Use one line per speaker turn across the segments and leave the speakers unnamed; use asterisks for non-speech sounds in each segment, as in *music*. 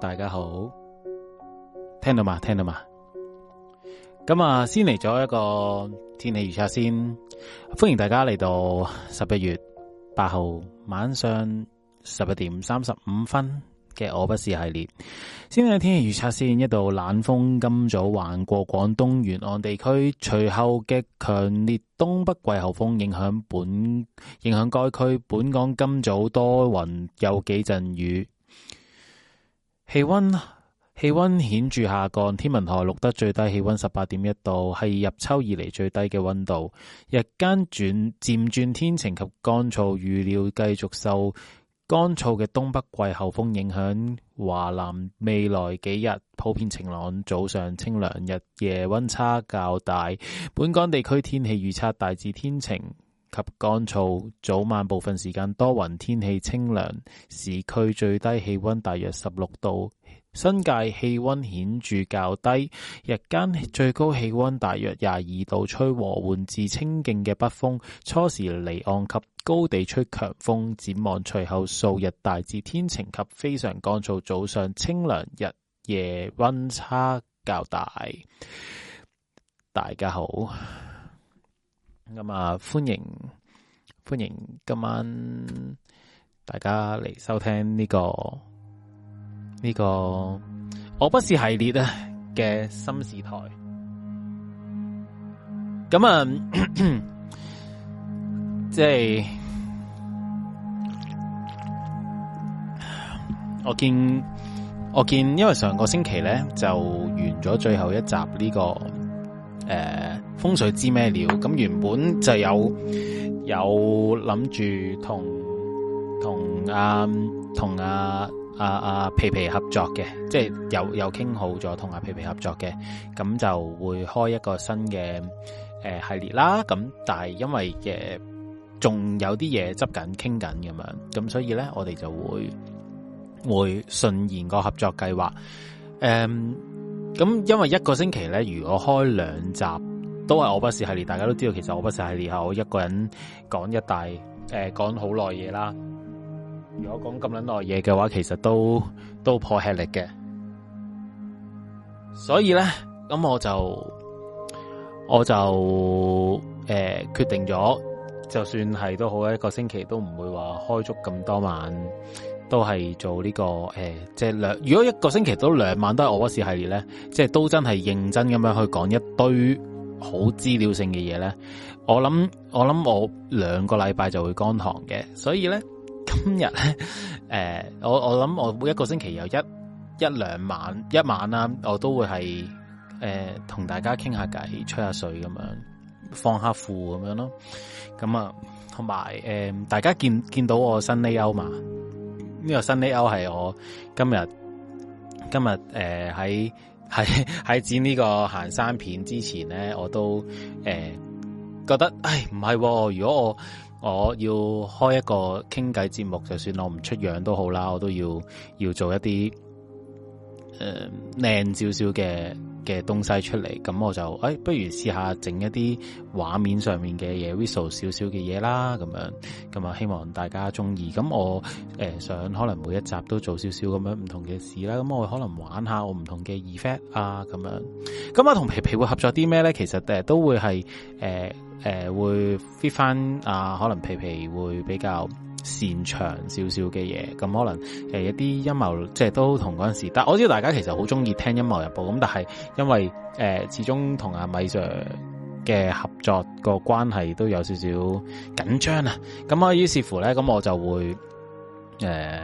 大家好，聽到嘛？聽到嘛？咁啊，先嚟咗一個天氣預測先，歡迎大家嚟到十一月八號晚上十一點三十五分嘅我不是系列。先講天氣預測先，一道冷鋒今早橫過廣東沿岸地區，隨後嘅強烈東北季候風影響本影響該區，本港今早多雲有幾陣雨。氣溫氣溫顯著下降，天文台錄得最低氣溫十八點一度，係入秋以嚟最低嘅溫度。日間轉漸轉天晴及乾燥，預料繼續受乾燥嘅東北季候風影響。華南未來幾日普遍晴朗，早上清涼，日夜温差較大。本港地區天氣預測大致天晴。及乾燥，早晚部分時間多雲，天氣清涼，市區最低氣温大約十六度，新界氣温顯著較低，日間最高氣温大約廿二度，吹和緩至清勁嘅北風，初時離岸及高地吹強風，展望隨後數日大致天晴及非常乾燥，早上清涼，日夜温差較大。大家好。咁啊，歡迎歡迎，今晚大家嚟收聽呢個呢個我不是系列啊嘅心事台。咁啊，即係我見我見，我見，因為上個星期咧就完咗最後一集呢個誒。呃風水知咩料？咁原本就有有諗住同同阿同阿阿阿皮皮合作嘅，即係又又傾好咗同阿皮皮合作嘅，咁就會開一個新嘅誒、呃、系列啦。咁但係因為誒仲、呃、有啲嘢執緊傾緊咁樣，咁所以咧我哋就會會順延個合作計劃。誒、嗯，咁因為一個星期咧，如果開兩集。都係我不是系列，大家都知道，其實我不是系列，我一個人講一大誒講好耐嘢啦。如果講咁捻耐嘢嘅話，其實都都頗吃力嘅。所以咧，咁我就我就誒、呃、決定咗，就算係都好，一個星期都唔會話開足咁多晚，都係做呢、這個誒、呃，即係兩。如果一個星期都兩晚都係我不是系列咧，即係都真係認真咁樣去講一堆。好資料性嘅嘢咧，我諗我諗我兩個禮拜就會干堂嘅，所以咧今日咧，誒、呃、我我諗我每一個星期有一一兩晚一晚啦、啊，我都會係誒同大家傾下偈、吹下水咁樣，放下褲咁樣咯，咁啊同埋誒大家見見到我新 layout 嘛，呢、這個新 layout 係我今日今日誒喺。呃喺 *laughs* 喺剪呢個行山片之前咧，我都誒、呃、覺得，唉唔係、哦，如果我我要開一個傾偈節目，就算我唔出樣都好啦，我都要要做一啲誒靚少少嘅。呃嘅東西出嚟，咁我就誒、哎，不如試下整一啲畫面上面嘅嘢，visual 少少嘅嘢啦，咁樣，咁啊希望大家中意。咁我誒、呃、想可能每一集都做少少咁樣唔同嘅事啦。咁我可能玩下我唔同嘅 effect 啊，咁樣。咁啊同皮皮會合作啲咩咧？其實誒、呃、都會係誒誒會 fit 翻啊，可能皮皮會比較。擅長少少嘅嘢，咁可能誒一啲陰謀，即係都同嗰陣時。但我知道大家其實好中意聽陰謀日報，咁但係因為誒、呃、始終同阿米 Sir 嘅合作個關係都有少少緊張啊，咁啊於是乎咧，咁我就會誒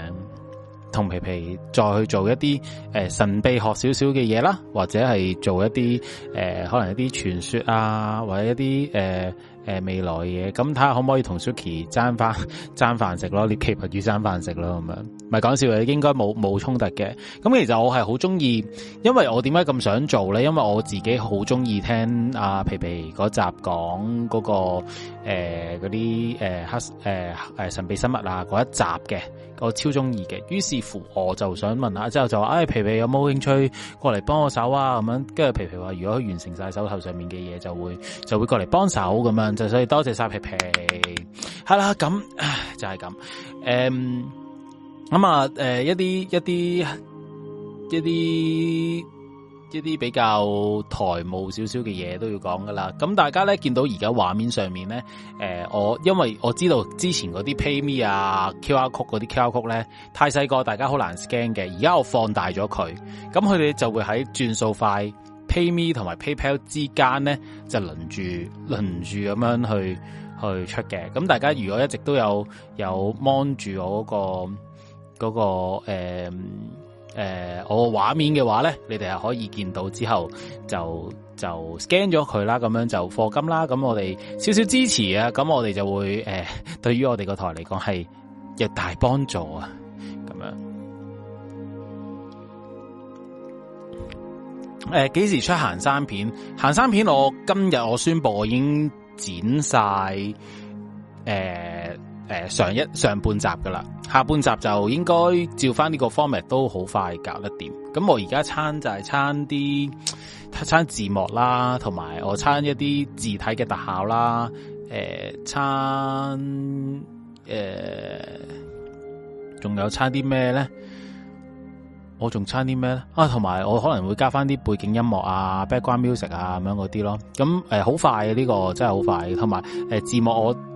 同、呃、皮皮再去做一啲誒、呃、神秘學少少嘅嘢啦，或者係做一啲誒、呃、可能一啲傳說啊，或者一啲誒。呃誒未來嘢，咁睇下可唔可以同 Suki 爭翻爭飯食咯，你 keep 住爭飯食咯咁樣，唔係講笑嘅，應該冇冇衝突嘅。咁其實我係好中意，因為我點解咁想做咧？因為我自己好中意聽阿、啊、皮皮嗰集講嗰、嗰個嗰啲誒黑誒誒、呃、神秘生物啊嗰一集嘅。我超中意嘅，於是乎我就想問下，之後就話：唉、哎，皮皮有冇興趣過嚟幫我手啊？咁樣，跟住皮皮話：如果完成曬手頭上面嘅嘢，就會就會過嚟幫手咁樣。就所以多謝曬皮皮。係 *laughs* 啦、 *laughs* *laughs* *laughs* 嗯，咁就係咁。誒，咁啊，誒一啲一啲一啲。呢啲比較台務少少嘅嘢都要講㗎喇，咁大家咧見到而家畫面上面咧，誒、呃，我因為我知道之前嗰啲 PayMe 啊、QR Code、嗰啲 QR Code 咧太細個，大家好難 scan 嘅，而家我放大咗佢，咁佢哋就會喺轉數快 PayMe 同埋 PayPal 之間咧就輪住輪住咁樣去去出嘅，咁大家如果一直都有有 Mon 住我嗰、嗰個嗰、嗰個誒。呃誒、呃，我嘅畫面嘅話咧，你哋係可以見到之後就就 scan 咗佢啦，咁樣就課金啦，咁我哋少少支持啊，咁我哋就會誒、呃，對於我哋個台嚟講係一大幫助啊，咁樣。誒、呃，幾時出行山片？行山片，我今日我宣布，我已經剪晒誒。呃誒、呃，上一上半集噶啦，下半集就應該照返呢個 format 都好快搞得掂。咁我而家餐就係餐啲餐字幕啦，同埋我餐一啲字體嘅特效啦。誒、呃，參誒，仲、呃、有餐啲咩咧？我仲餐啲咩咧？啊，同埋我可能會加返啲背景音樂啊，background music *music* 啊，咁 *music* 樣嗰啲咯。咁誒，好、呃、快嘅呢、呢個真係好快，同埋誒字幕我。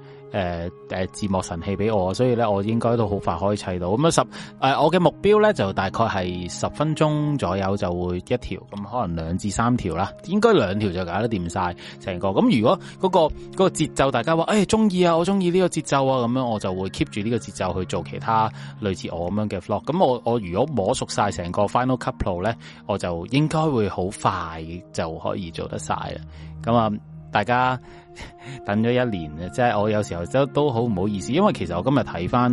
誒、呃、誒、呃，字幕神器俾我，所以咧我應該都好快可以砌到。咁十誒、呃，我嘅目標咧就大概係十分鐘左右就會一條，咁、嗯、可能兩至三條啦，應該兩條就搞得掂晒成個。咁、嗯、如果嗰、那個嗰、那個節奏，大家話誒中意啊，我中意呢個節奏啊，咁、嗯、樣我就會 keep 住呢個節奏去做其他類似我咁樣嘅 flow、嗯。咁我我如果摸熟晒成個 Final Cut Pro 咧，我就應該會好快就可以做得晒啦。咁、嗯、啊，大家。等咗一年嘅，即係我有時候都都好唔好意思，因為其實我今日睇翻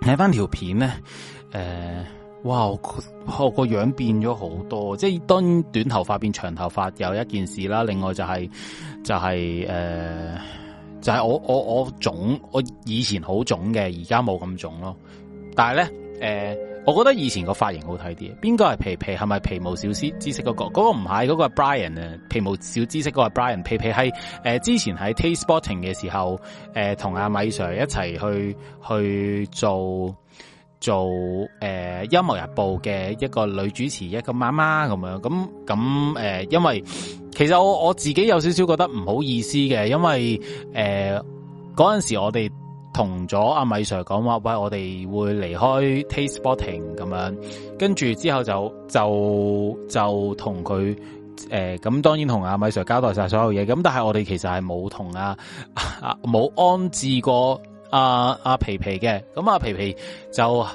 睇翻條片咧，誒，哇，我個樣變咗好多，即係當然短頭髮變長頭髮有一件事啦，另外就係就係誒，就係我我我腫，我以前好腫嘅，而家冇咁腫咯，但係咧，誒。我覺得以前個髮型好睇啲，邊個係皮皮？係咪皮毛小師知識嗰個？嗰個唔係，嗰個係 Brian 啊！皮毛小知識嗰、嗰個係、嗰個嗰個、Brian, Brian，皮皮係、呃、之前喺 Taste Sporting 嘅時候同阿、呃、米 Sir 一齊去去做做誒音樂日報嘅一個女主持，一個媽媽咁樣咁咁、呃、因為其實我我自己有少少覺得唔好意思嘅，因為誒嗰陣時我哋。同咗阿米 Sir 講話，喂，我哋會離開 TasteBoating 咁樣，跟住之後就就就同佢誒，咁、呃、當然同阿米 Sir 交代晒所有嘢。咁但係我哋其實係冇同阿冇安置過阿、啊、阿、啊、皮皮嘅。咁、啊、阿皮皮就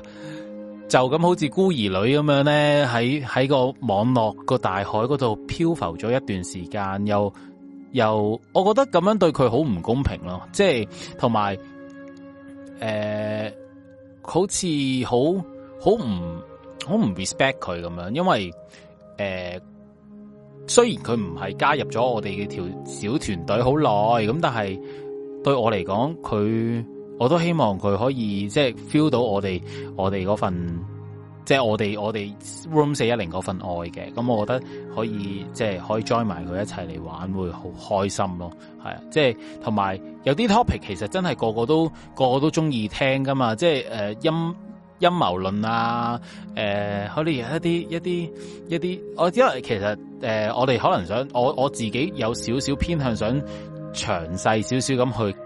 就咁好似孤兒女咁樣咧，喺喺個網絡個大海嗰度漂浮咗一段時間，又又我覺得咁樣對佢好唔公平咯。即係同埋。誒、呃，好似好好唔好唔 respect 佢咁樣，因為誒、呃，雖然佢唔係加入咗我哋嘅條小團隊好耐，咁但係對我嚟講，佢我都希望佢可以即係、就是、feel 到我哋我哋嗰份，即、就、係、是、我哋我哋 room 四一零嗰份愛嘅，咁我覺得可以即係、就是、可以 join 埋佢一齊嚟玩，會好開心咯，係啊！即係同埋有啲 topic 其實真係個個都個個都中意聽㗎嘛，即係誒陰陰謀論啊，誒、呃、可能有一啲一啲一啲，我因為其實誒、呃、我哋可能想我我自己有少少偏向想詳細少少咁去。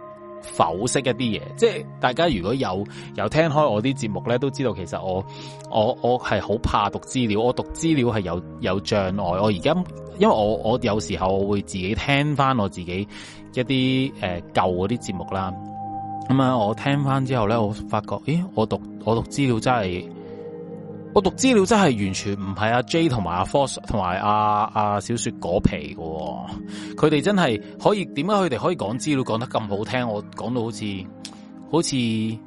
剖析一啲嘢，即係大家如果有有聽開我啲節目咧，都知道其實我我我係好怕讀資料，我讀資料係有有障礙。我而家因為我我有時候我會自己聽翻我自己一啲誒舊嗰啲節目啦，咁、嗯、啊我聽翻之後咧，我發覺，咦，我讀我讀資料真係。我讀資料真係完全唔係阿 J 同埋阿 Force 同埋阿阿小雪果皮喎、哦。佢哋真係可以點解佢哋可以講資料講得咁好聽？我講到好似好似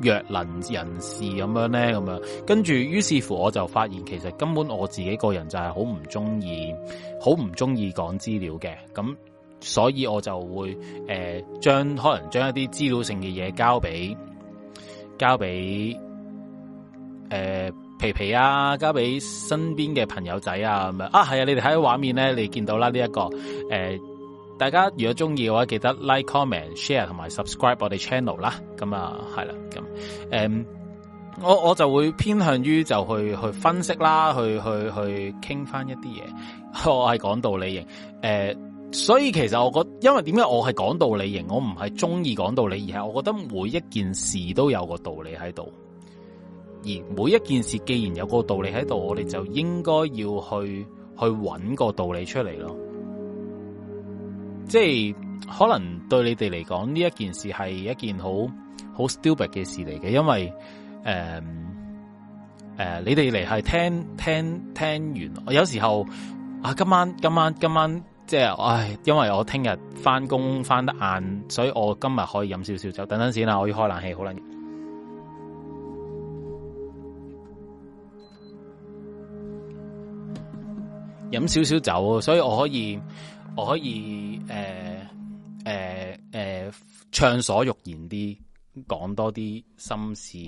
弱能人士咁樣咧，咁樣跟住，於是乎我就發現，其實根本我自己個人就係好唔中意，好唔中意講資料嘅。咁所以我就會誒，將、呃，可能將一啲資料性嘅嘢交俾交俾誒。呃皮皮啊，交俾身邊嘅朋友仔啊咁樣啊，係啊！你哋睇畫面咧，你見到啦呢一個誒、呃，大家如果中意嘅話，記得 like、comment、share 同埋 subscribe 我哋 channel 啦。咁啊，係啦，咁誒、呃，我我就會偏向於就去去分析啦，去去去傾翻一啲嘢。我係講道理型，誒、呃，所以其實我覺得，因為點解我係講道理型，我唔係中意講道理，而係我覺得每一件事都有個道理喺度。而每一件事既然有個道理喺度，我哋就應該要去去揾個道理出嚟咯。即係可能對你哋嚟講呢一件事係一件好好 stupid 嘅事嚟嘅，因為誒誒、呃呃，你哋嚟係聽聽聽完，有時候啊，今晚今晚今晚即係，唉，因為我聽日翻工翻得晏，所以我今日可以飲少少酒。等等先啦，我要開冷氣，好冷。飲少少酒，所以我可以，我可以，誒，誒，誒，暢所欲言啲，講多啲心事，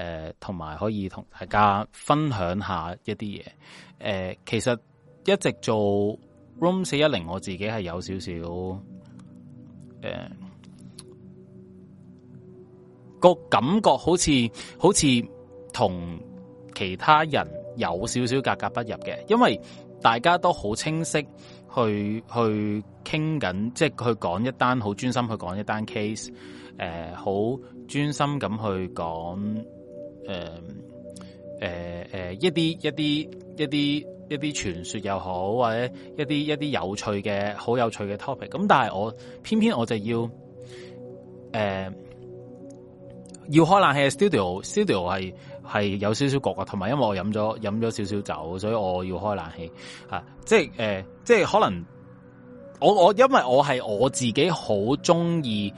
誒，同埋可以同大家分享下一啲嘢，誒，其實一直做 room 四一零，我自己係有少少，誒，個感覺好似好似同其他人有少少格格不入嘅，因為。大家都好清晰去去傾緊，即係去講一單好專心去講一單 case，誒，好、呃、專心咁去講，誒、呃，誒、呃、誒、呃、一啲一啲一啲一啲傳說又好，或者一啲一啲有趣嘅好有趣嘅 topic。咁但係我偏偏我就要，誒、呃，要開冷氣嘅 studio，studio 係。係有少少焗噶，同埋因為我飲咗飲咗少少酒，所以我要開冷氣啊！即係誒，即係、呃、可能我我因為我係我自己好中意，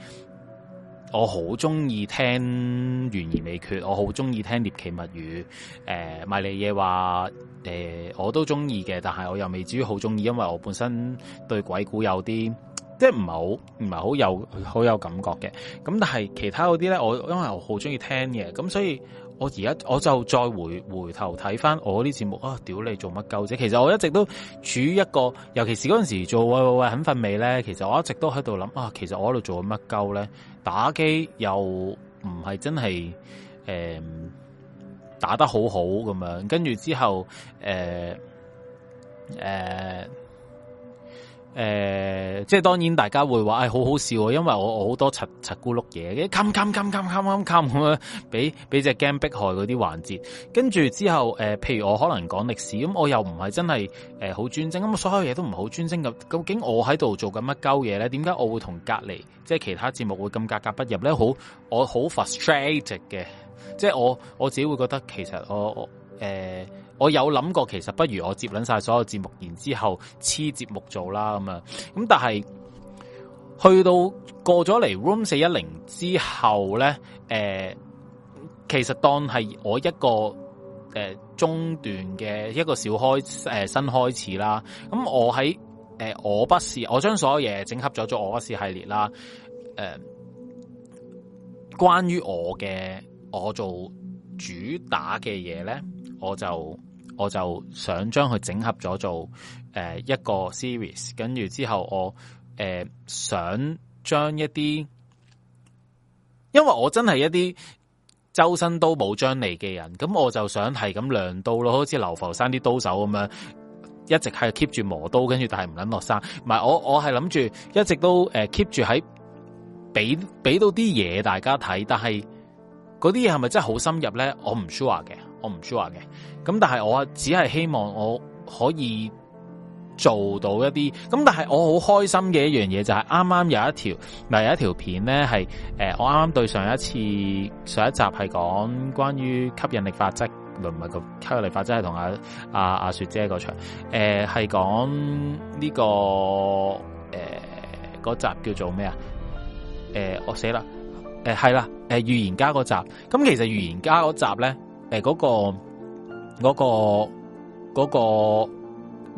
我好中意聽懸而未決，我好中意聽獵奇物語。誒、呃，麥利耶話誒，我都中意嘅，但係我又未至於好中意，因為我本身對鬼故有啲即係唔係好唔係好有好有感覺嘅。咁但係其他嗰啲咧，我因為我好中意聽嘅，咁所以。我而家我就再回回頭睇翻我啲節目啊！屌你做乜鳩啫？其實我一直都處於一個，尤其是嗰陣時做喂喂喂很瞓未咧。其實我一直都喺度諗啊，其實我喺度做緊乜鳩咧？打機又唔係真係、欸、打得好好咁樣，跟住之後、欸欸呃、即係當然大家會話：哎「唉，好好笑啊！因為我好多柒柒咕碌嘢嘅，慵慨慨慨慨慨慨！」咁樣俾俾隻 game 迫害嗰啲環節。跟住之後、呃，譬如我可能講歷史咁、嗯、我又唔係真係好專精咁所有嘢都唔係好專精咁，究竟我喺度做緊乜鳩嘢呢？點解我會同隔籬，即係其他節目會咁格格不入呢？好，我好 frustrated 嘅。即係我，我自己會覺得，其實我……我呃我有諗過，其實不如我接撚晒所有節目，然之後黐節目做啦咁啊！咁但係去到過咗嚟 Room 四一零之後咧，誒、呃，其實當係我一個誒、呃、中段嘅一個小開誒、呃、新開始啦。咁我喺誒、呃、我不是，我將所有嘢整合咗做我不是系列啦。誒、呃，關於我嘅我做主打嘅嘢咧，我就。我就想將佢整合咗做誒一個 series，跟住之後我誒、呃、想將一啲，因為我真係一啲周身刀冇將嚟嘅人，咁我就想係咁亮刀咯，好似流浮山啲刀手咁樣，一直係 keep 住磨刀，跟住但係唔捻落山。唔係我我係諗住一直都誒 keep 住喺俾俾到啲嘢大家睇，但係嗰啲嘢係咪真係好深入咧？我唔 sure 嘅。我唔 sure 嘅，咁但係我只係希望我可以做到一啲，咁但係我好開心嘅一樣嘢就係啱啱有一條咪有一條片咧係誒，我啱啱對上一次上一集係講關於吸引力法則，唔係個吸引力法則係同阿阿阿雪姐場，呃，講呢個場誒係講呢個誒集叫做咩啊？誒、呃、我死啦，誒係啦，誒、呃、預言家嗰集，咁其實預言家嗰集咧。誒，嗰個嗰個嗰個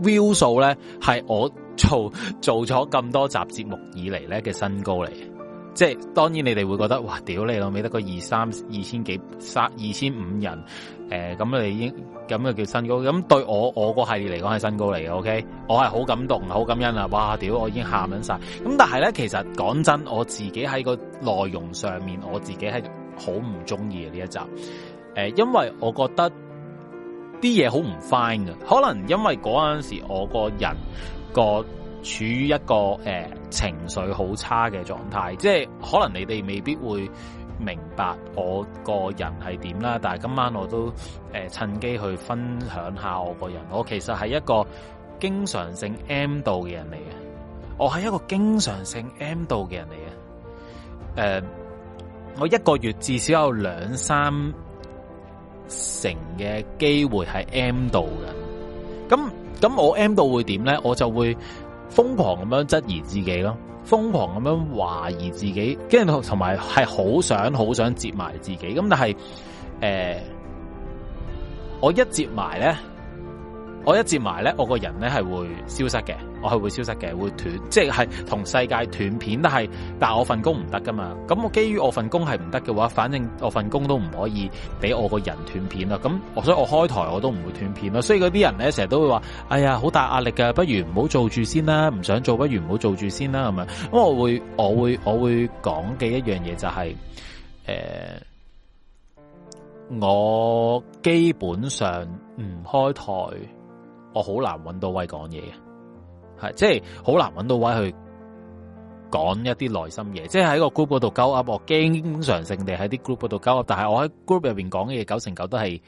view 數咧，係我做做咗咁多集節目以嚟咧嘅新高嚟嘅。即係當然，你哋會覺得哇，屌你老味得個二三二千幾三二千五人，誒、呃，咁你已經咁就叫新高。咁對我我個系列嚟講係新高嚟嘅。OK，我係好感動，好感恩啊！哇，屌，我已經喊緊晒。咁但係咧，其實講真，我自己喺個內容上面，我自己係好唔中意嘅呢一集。誒，因為我覺得啲嘢好唔 fine 嘅，可能因為嗰陣時我個人個處於一個誒、呃、情緒好差嘅狀態，即係可能你哋未必會明白我個人係點啦。但係今晚我都誒、呃、趁機去分享下我個人，我其實係一個經常性 M 度嘅人嚟嘅，我係一個經常性 M 度嘅人嚟嘅。誒、呃，我一個月至少有兩三。成嘅機會係 M 到嘅，咁咁我 M 到會點咧？我就會瘋狂咁樣質疑自己咯，瘋狂咁樣懷疑自己，跟住同埋係好想好想接埋自己，咁但係誒、呃，我一接埋咧。我一接埋咧，我個人咧係會消失嘅，我係會消失嘅，會斷，即係同世界斷片，但係，但係我份工唔得噶嘛。咁我基於我份工係唔得嘅話，反正我份工都唔可以俾我個人斷片啦。咁我所以我開台我都唔會斷片啦。所以嗰啲人咧成日都會話：哎呀，好大壓力噶，不如唔好做住先啦，唔想做不如唔好做住先啦咁樣。咁我會我會我會講嘅一樣嘢就係、是，誒、呃，我基本上唔開台。我好難揾到位講嘢嘅，係即係好難揾到位去講一啲內心嘢，即係喺個 group 嗰度鳩噏。我經常性地喺啲 group 嗰度鳩噏，但係我喺 group 入邊講嘅嘢九成九都係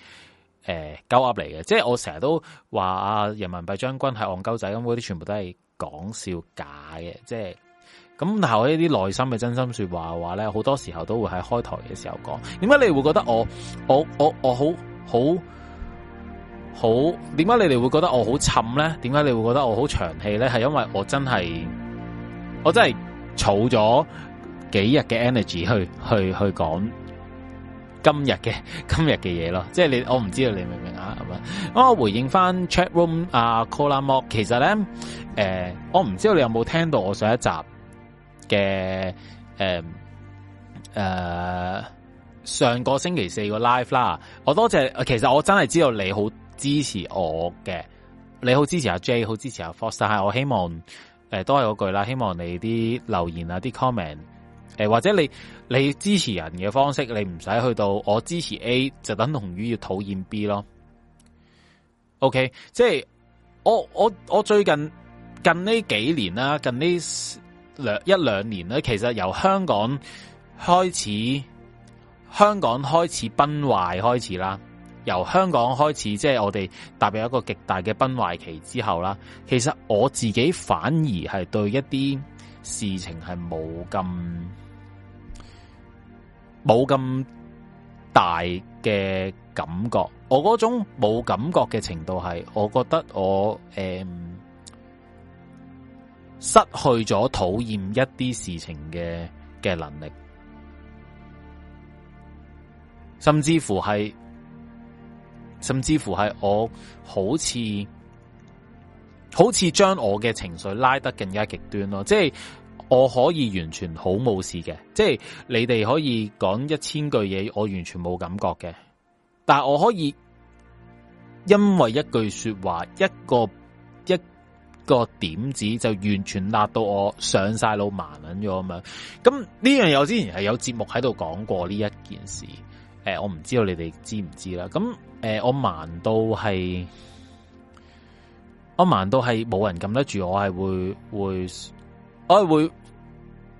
誒鳩噏嚟嘅。即係我成日都話啊，人民幣將軍係戇鳩仔咁嗰啲，全部都係講笑假嘅。即係咁但我呢啲內心嘅真心說話嘅話咧，好多時候都會喺開台嘅時候講。點解你會覺得我我我我，我好好？好，點解你哋會覺得我好沉咧？點解你會覺得我好長氣咧？係因為我真係我真係儲咗幾日嘅 energy 去去去講今日嘅今日嘅嘢咯。即係你我唔知道你明唔明啊？咁啊，我回應返 chat room 啊 Calla Mo，其實咧，誒、呃，我唔知道你有冇聽到我上一集嘅誒誒上個星期四個 live 啦。我多謝，其實我真係知道你好。支持我嘅，你好支持阿 J，好支持阿 Foster 但係我希望，誒、呃，都係嗰句啦，希望你啲留言啊，啲 comment，誒，或者你你支持人嘅方式，你唔使去到我支持 A，就等同於要討厭 B 咯。OK，即係我我我最近近呢幾年啦，近呢兩一兩年咧，其實由香港開始，香港開始崩壞開始啦。由香港開始，即係我哋踏入一個極大嘅崩壞期之後啦。其實我自己反而係對一啲事情係冇咁冇咁大嘅感覺。我嗰種冇感覺嘅程度係，我覺得我誒失去咗討厭一啲事情嘅嘅能力，甚至乎係。甚至乎係我好似好似將我嘅情緒拉得更加極端咯，即係我可以完全好冇事嘅，即係你哋可以講一千句嘢，我完全冇感覺嘅，但係我可以因為一句說話一個一,一個點子就完全辣到我上晒腦盲咗咁樣，咁呢樣嘢我之前係有節目喺度講過呢一件事。誒、呃，我唔知道你哋知唔知啦。咁、嗯、誒、呃，我盲到係，我盲到係冇人撳得住，我係會會，我係會，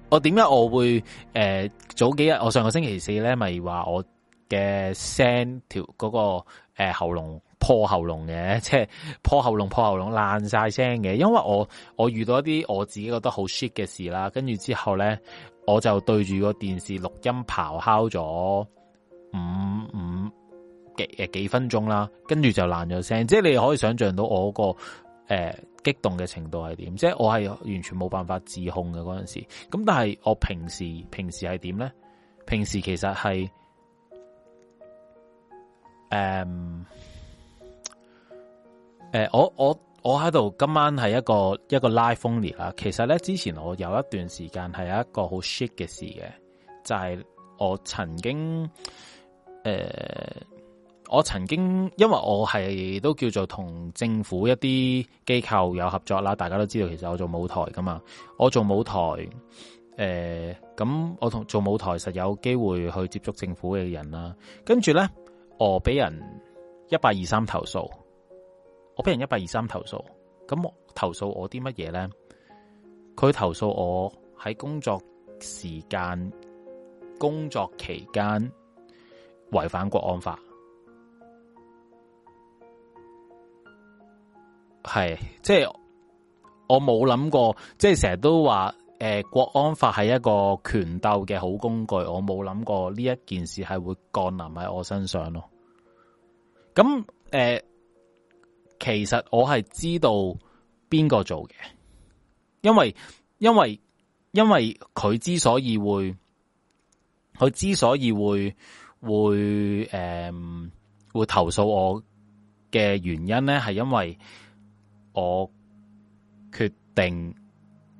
我點解我會誒、呃？早幾日我上個星期四咧，咪話我嘅聲條嗰、那個誒、呃、喉嚨破喉嚨嘅，即係破喉嚨破喉嚨爛晒聲嘅，因為我我遇到一啲我自己覺得好 shit 嘅事啦，跟住之後咧，我就對住個電視錄音咆哮咗。五五幾誒幾分鐘啦，跟住就爛咗聲，即係你可以想象到我、那個誒、呃、激動嘅程度係點，即係我係完全冇辦法自控嘅嗰陣時。咁但係我平時平時係點咧？平時其實係誒誒，我我我喺度今晚係一個一個 live phone 啦。其實咧，之前我有一段時間係有一個好 shit 嘅事嘅，就係、是、我曾經。誒、呃，我曾經因為我係都叫做同政府一啲機構有合作啦，大家都知道其實我做舞台噶嘛，我做舞台誒，咁、呃、我同做舞台實有機會去接觸政府嘅人啦。跟住呢，我俾人一八二三投訴，我俾人一八二三投訴，咁我投訴我啲乜嘢呢？佢投訴我喺工作時間、工作期間。違反國安法，係即係我冇諗過，即係成日都話誒、呃，國安法係一個權鬥嘅好工具，我冇諗過呢一件事係會降臨喺我身上咯。咁誒、呃，其實我係知道邊個做嘅，因為因為因為佢之所以會佢之所以會。會誒、嗯，會投訴我嘅原因咧，係因為我決定，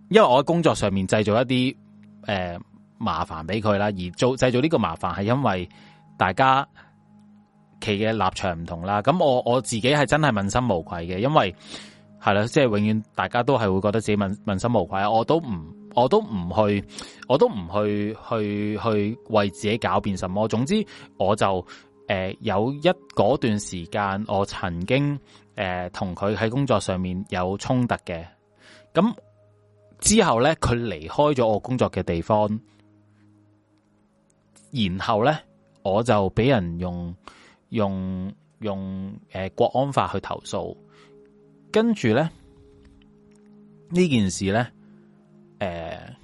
因為我喺工作上面製造一啲誒、呃、麻煩俾佢啦，而做製造呢個麻煩係因為大家企嘅立場唔同啦。咁我我自己係真係問心無愧嘅，因為係啦，即係永遠大家都係會覺得自己問問心無愧，我都唔。我都唔去，我都唔去，去去為自己狡辯什麼。總之，我就誒、呃、有一嗰段時間，我曾經誒、呃、同佢喺工作上面有衝突嘅。咁之後呢，佢離開咗我工作嘅地方，然後呢，我就俾人用用用誒、呃、國安法去投訴，跟住呢，呢件事呢。誒、呃，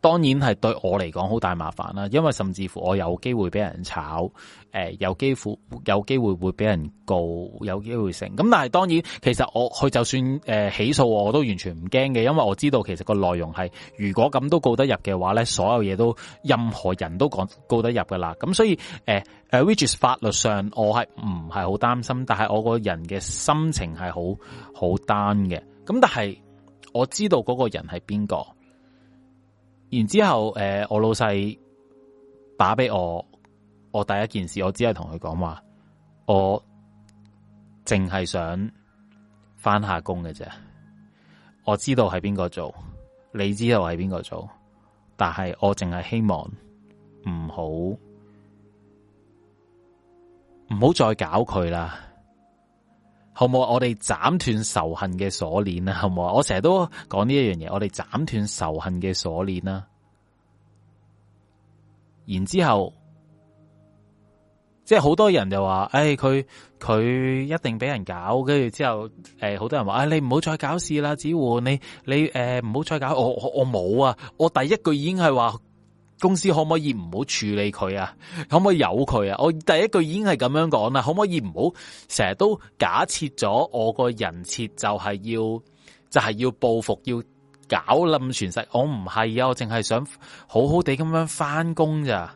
當然係對我嚟講好大麻煩啦，因為甚至乎我有機會俾人炒，誒、呃，有機會有機會會俾人告，有機會成。咁但係當然，其實我佢就算誒、呃、起訴我，我都完全唔驚嘅，因為我知道其實個內容係，如果咁都告得入嘅話咧，所有嘢都，任何人都講告，告得入噶啦。咁所以誒誒、呃、，which is 法律上我係唔係好擔心，但係我個人嘅心情係好好 down 嘅。咁但係。我知道嗰個人係邊個，然之後誒、呃，我老細打俾我，我第一件事我只係同佢講話，我淨係想返下工嘅啫。我知道係邊個做，你知道係邊個做，但係我淨係希望唔好唔好再搞佢啦。好冇？我哋斬斷仇恨嘅鎖鏈啊。好冇啊！我成日都講呢一樣嘢，我哋斬斷仇恨嘅鎖鏈啦。然之後，即係好多人就話：，誒，佢佢一定俾人搞，跟住之後，誒，好多人話：，啊，你唔好再搞事啦，子胡，你你誒，唔好再搞，我我我冇啊，我第一句已經係話。公司可唔可以唔好處理佢啊？可唔可以由佢啊？我第一句已經係咁樣講啦，可唔可以唔好成日都假設咗我個人設就係要就係要報復，要搞冧全世？我唔係啊，我淨係想好好地咁樣翻工咋，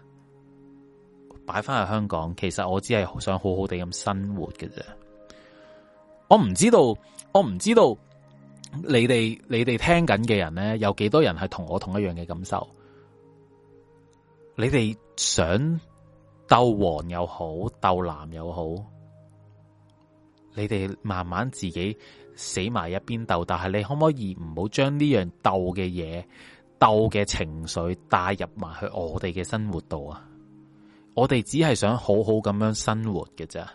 擺翻去香港。其實我只係好想好好地咁生活嘅啫。我唔知道，我唔知道你哋你哋聽緊嘅人咧，有幾多人係同我同一樣嘅感受？你哋想鬥黃又好，鬥藍又好，你哋慢慢自己死埋一邊鬥，但係你可唔可以唔好將呢樣鬥嘅嘢、鬥嘅情緒帶入埋去我哋嘅生活度啊？我哋只係想好好咁樣生活嘅咋。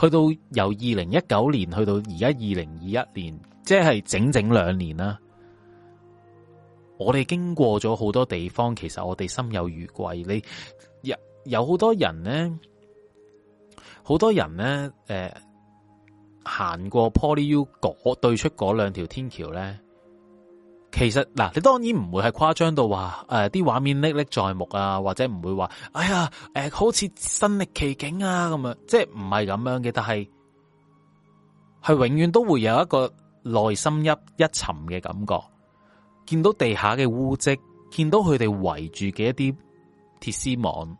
去到由二零一九年去到而家二零二一年，即係整整兩年啦。我哋經過咗好多地方，其實我哋心有餘悸。你有有好多人咧，好多人咧，誒、呃，行過 Poly U 嗰對出嗰兩條天橋咧，其實嗱、呃，你當然唔會係誇張到話，誒、呃，啲畫面歷歷在目啊，或者唔會話，哎呀，誒、呃，好似身歷其境啊，咁樣，即係唔係咁樣嘅，但係係永遠都會有一個內心一一沉嘅感覺。見到地下嘅污跡，見到佢哋圍住嘅一啲鐵絲網，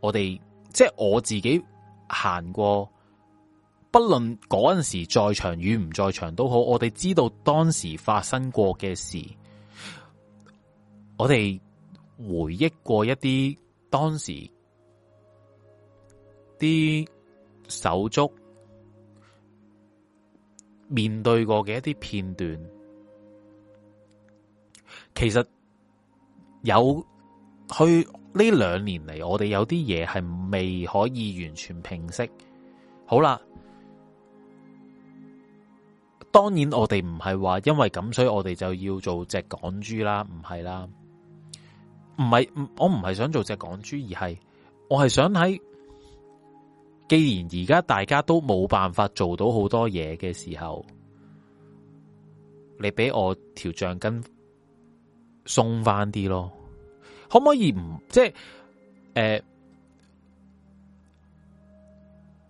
我哋即係我自己行過，不論嗰陣時在場與唔在場都好，我哋知道當時發生過嘅事，我哋回憶過一啲當時啲手足面對過嘅一啲片段。其實有，去呢兩年嚟，我哋有啲嘢係未可以完全平息。好啦，當然我哋唔係話因為咁，所以我哋就要做隻港豬啦，唔係啦，唔係，我唔係想做隻港豬，而係我係想喺，既然而家大家都冇辦法做到好多嘢嘅時候，你俾我條橡筋。鬆翻啲咯，可唔可以唔，即係，誒？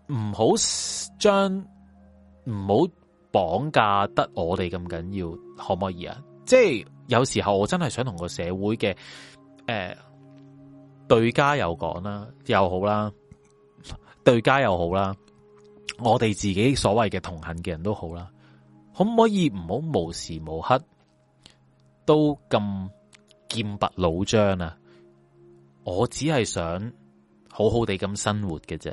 唔好將唔好綁架得我哋咁緊要，可唔可以啊？即係有時候我真係想同個社會嘅，誒，對家又講啦，又好啦，對家又好啦，我哋自己所謂嘅同行嘅人都好啦，可唔可以唔好無時無刻？都咁劍拔弩張啊！我只係想好好地咁生活嘅啫。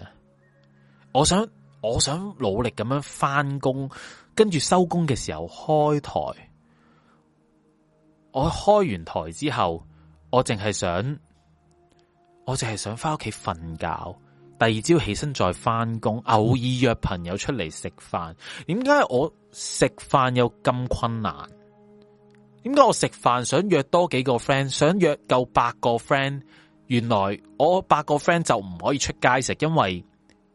我想，我想努力咁樣翻工，跟住收工嘅時候開台。我開完台之後，我淨係想，我淨係想翻屋企瞓覺。第二朝起身再翻工，偶爾約朋友出嚟食飯。點解我食飯又咁困難？點解我食飯想約多幾個 friend，想約夠八個 friend？原來我八個 friend 就唔可以出街食，因為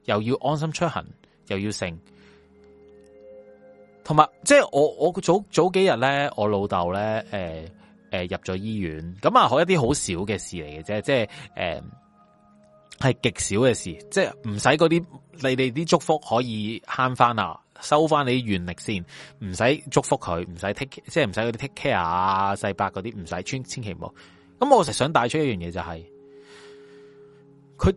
又要安心出行，又要剩。同埋，即係我我早早幾日咧，我老豆咧，誒、呃、誒、呃、入咗醫院。咁啊，係一啲好少嘅事嚟嘅啫，即係誒係極少嘅事，即係唔使嗰啲你哋啲祝福可以慳返啊！收翻你啲原力先，唔使祝福佢，唔使 take，即係唔使嗰啲 take care 啊，世伯嗰啲唔使穿，千祈唔好。咁我實想帶出一樣嘢就係、是，佢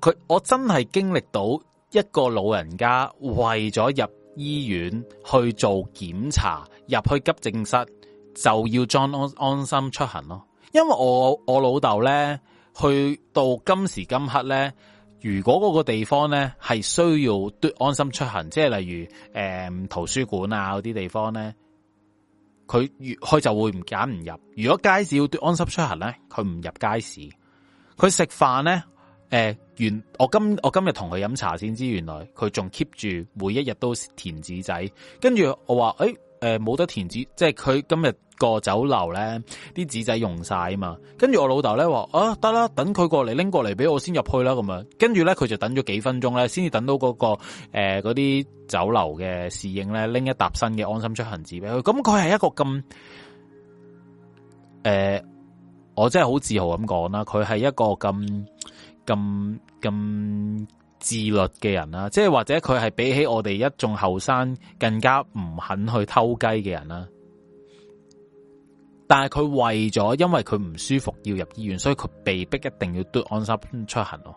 佢我真係經歷到一個老人家為咗入醫院去做檢查，入去急症室就要裝安安心出行咯。因為我我老豆咧去到今時今刻咧。如果嗰個地方咧係需要嘟安心出行，即係例如誒、呃、圖書館啊嗰啲地方咧，佢越佢就會唔揀唔入。如果街市要嘟安心出行咧，佢唔入街市。佢食飯咧，誒、呃、原我今我今日同佢飲茶先知，原來佢仲 keep 住每一日都填紙仔。跟住我話誒。哎誒、呃，冇得填紙，即係佢今日個酒樓咧，啲紙仔用晒啊嘛，跟住我老豆咧話，啊得啦，等佢過嚟拎過嚟俾我先入去啦咁樣，跟住咧佢就等咗幾分鐘咧，先至等到嗰、嗰個誒嗰啲酒樓嘅侍應咧拎一沓新嘅安心出行紙俾佢，咁佢係一個咁，誒、呃，我真係好自豪咁講啦，佢係一個咁咁咁自律嘅人啦，即係或者佢係比起我哋一眾後生更加唔肯去偷雞嘅人啦。但係佢為咗，因為佢唔舒服要入醫院，所以佢被逼一定要戴安心出行咯。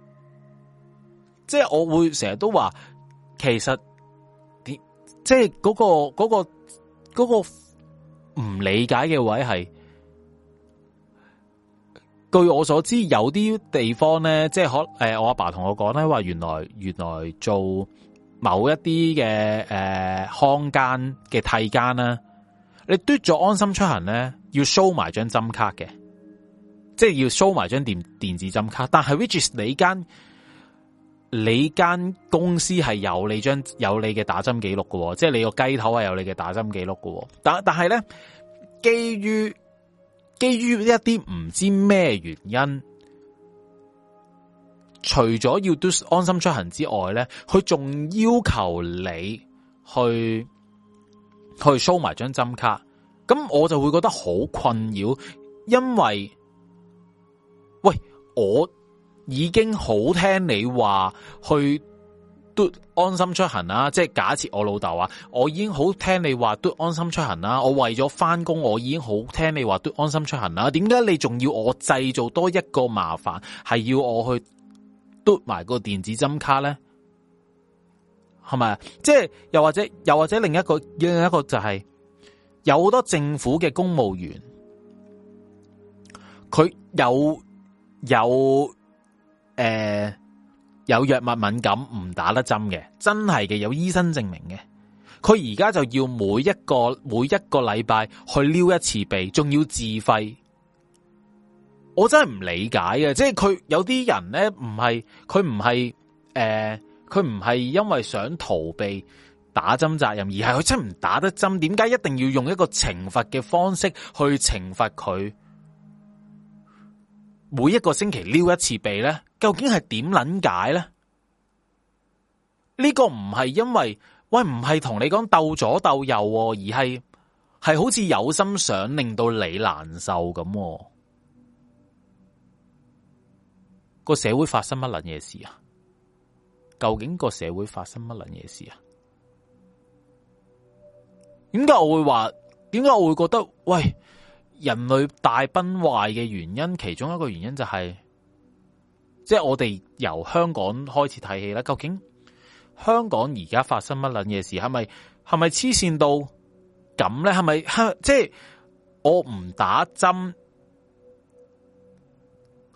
*music* 即係我會成日都話，其實點即係嗰個、嗰個、嗰個唔理解嘅位係。據我所知，有啲地方咧，即係可，誒，我阿爸同我講咧，話原來原來做某一啲嘅誒康間嘅替間啦，你嘟咗安心出行咧，要 show 埋張針卡嘅，即係要 show 埋張電電子針卡，但係 which is 你間你間公司係有你張有你嘅打針記錄喎，即係你個雞頭係有你嘅打針記錄㗎，但但係咧基於。基於一啲唔知咩原因，除咗要 do 安心出行之外咧，佢仲要求你去去 show 埋張針卡，咁我就會覺得好困擾，因為喂我已經好聽你話去。都安心出行啦！即係假設我老豆啊，我已經好聽你話都安心出行啦。我為咗返工，我已經好聽你話都安心出行啦。點解你仲要我製造多一個麻煩，係要我去嘟埋個電子針卡咧？係咪？即係又或者又或者另一個另一個就係、是、有好多政府嘅公務員，佢有有誒。呃有藥物敏感唔打得針嘅，真係嘅有醫生證明嘅，佢而家就要每一個每一個禮拜去撩一次鼻，仲要自費，我真係唔理解呀，即係佢有啲人咧，唔係佢唔係誒，佢唔係因為想逃避打針責任，而係佢真唔打得針，點解一定要用一個懲罰嘅方式去懲罰佢？每一個星期撩一次鼻咧，究竟係點撚解咧？呢、這個唔係因為喂，唔係同你講斗左斗右，啊，而係係好似有心想令到你難受咁，啊。這個社會發生乜撚嘢事啊？究竟個社會發生乜撚嘢事啊？點解我會話？點解我會覺得喂？人類大崩壞嘅原因，其中一個原因就係、是，即係我哋由香港開始睇戲啦。究竟香港而家發生乜撚嘢事？係咪係咪黐線到咁咧？係咪即係我唔打針，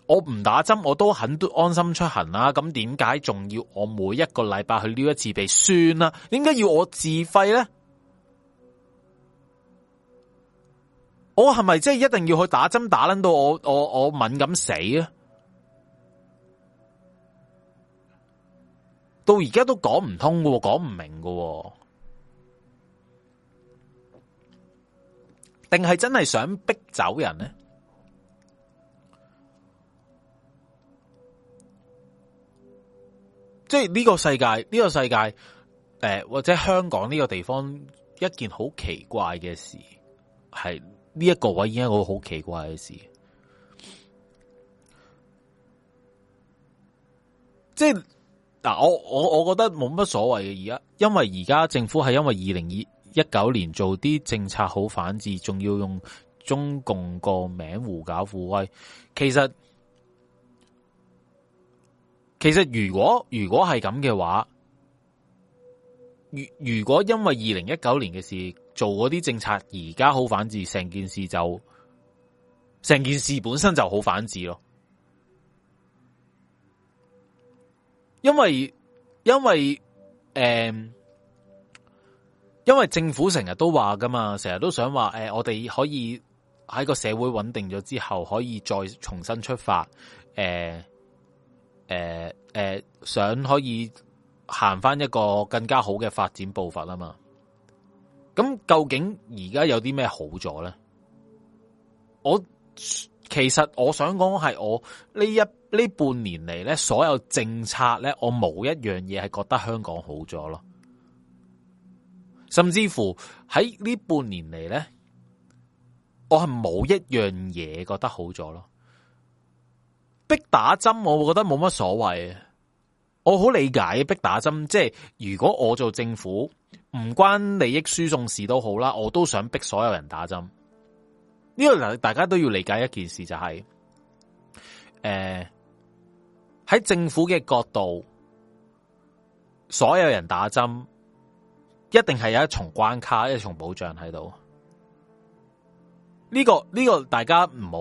我唔打針，我都肯安心出行啦。咁點解仲要我每一個禮拜去撩一次鼻酸啊？點解要我自費咧？我係咪即係一定要去打針？打捻到我我我敏感死啊？到而家都講唔通喎，講唔明喎。定係真係想逼走人呢？即係呢個世界，呢個世界，誒、呃，或者香港呢個地方，一件好奇怪嘅事係。呢一個位已經係一個好奇怪嘅事，即係嗱，我我我覺得冇乜所謂嘅，而家因為而家政府係因為二零一九年做啲政策好反智，仲要用中共個名狐假虎威，其實其實如果如果係咁嘅話，如如果因為二零一九年嘅事。做嗰啲政策，而家好反智，成件事就成件事本身就好反智咯。因為因為誒、呃，因為政府成日都話噶嘛，成日都想話誒、呃，我哋可以喺個社會穩定咗之後，可以再重新出發。誒誒誒，想可以行翻一個更加好嘅發展步伐啊嘛。咁究竟而家有啲咩好咗咧？我其實我想講係我呢一呢半年嚟咧，所有政策咧，我冇一樣嘢係覺得香港好咗咯。甚至乎喺呢半年嚟咧，我係冇一樣嘢覺得好咗咯。逼打針，我會覺得冇乜所謂。我好理解逼打針，即係如果我做政府。唔關利益輸送事都好啦，我都想逼所有人打針。呢、這個大家都要理解一件事，就是，就係誒喺政府嘅角度，所有人打針一定係有一重關卡，一重保障喺度。呢、這個呢、這個大家唔好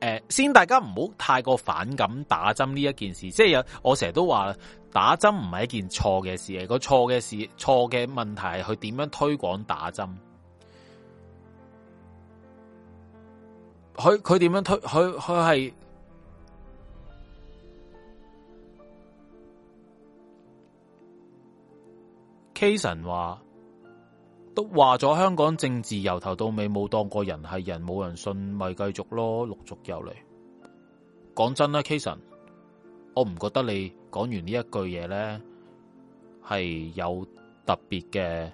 誒，先大家唔好太過反感打針呢一件事，即係有我成日都話。打針唔係一件錯嘅事，係個錯嘅事，錯嘅問題係佢點樣推廣打針。佢佢點樣推？佢佢係 Kason 話都話咗香港政治由頭到尾冇當過人係人，冇人信咪繼續咯，陸續又嚟。講真啦，Kason，我唔覺得你。講完呢一句嘢咧，係有特別嘅誒、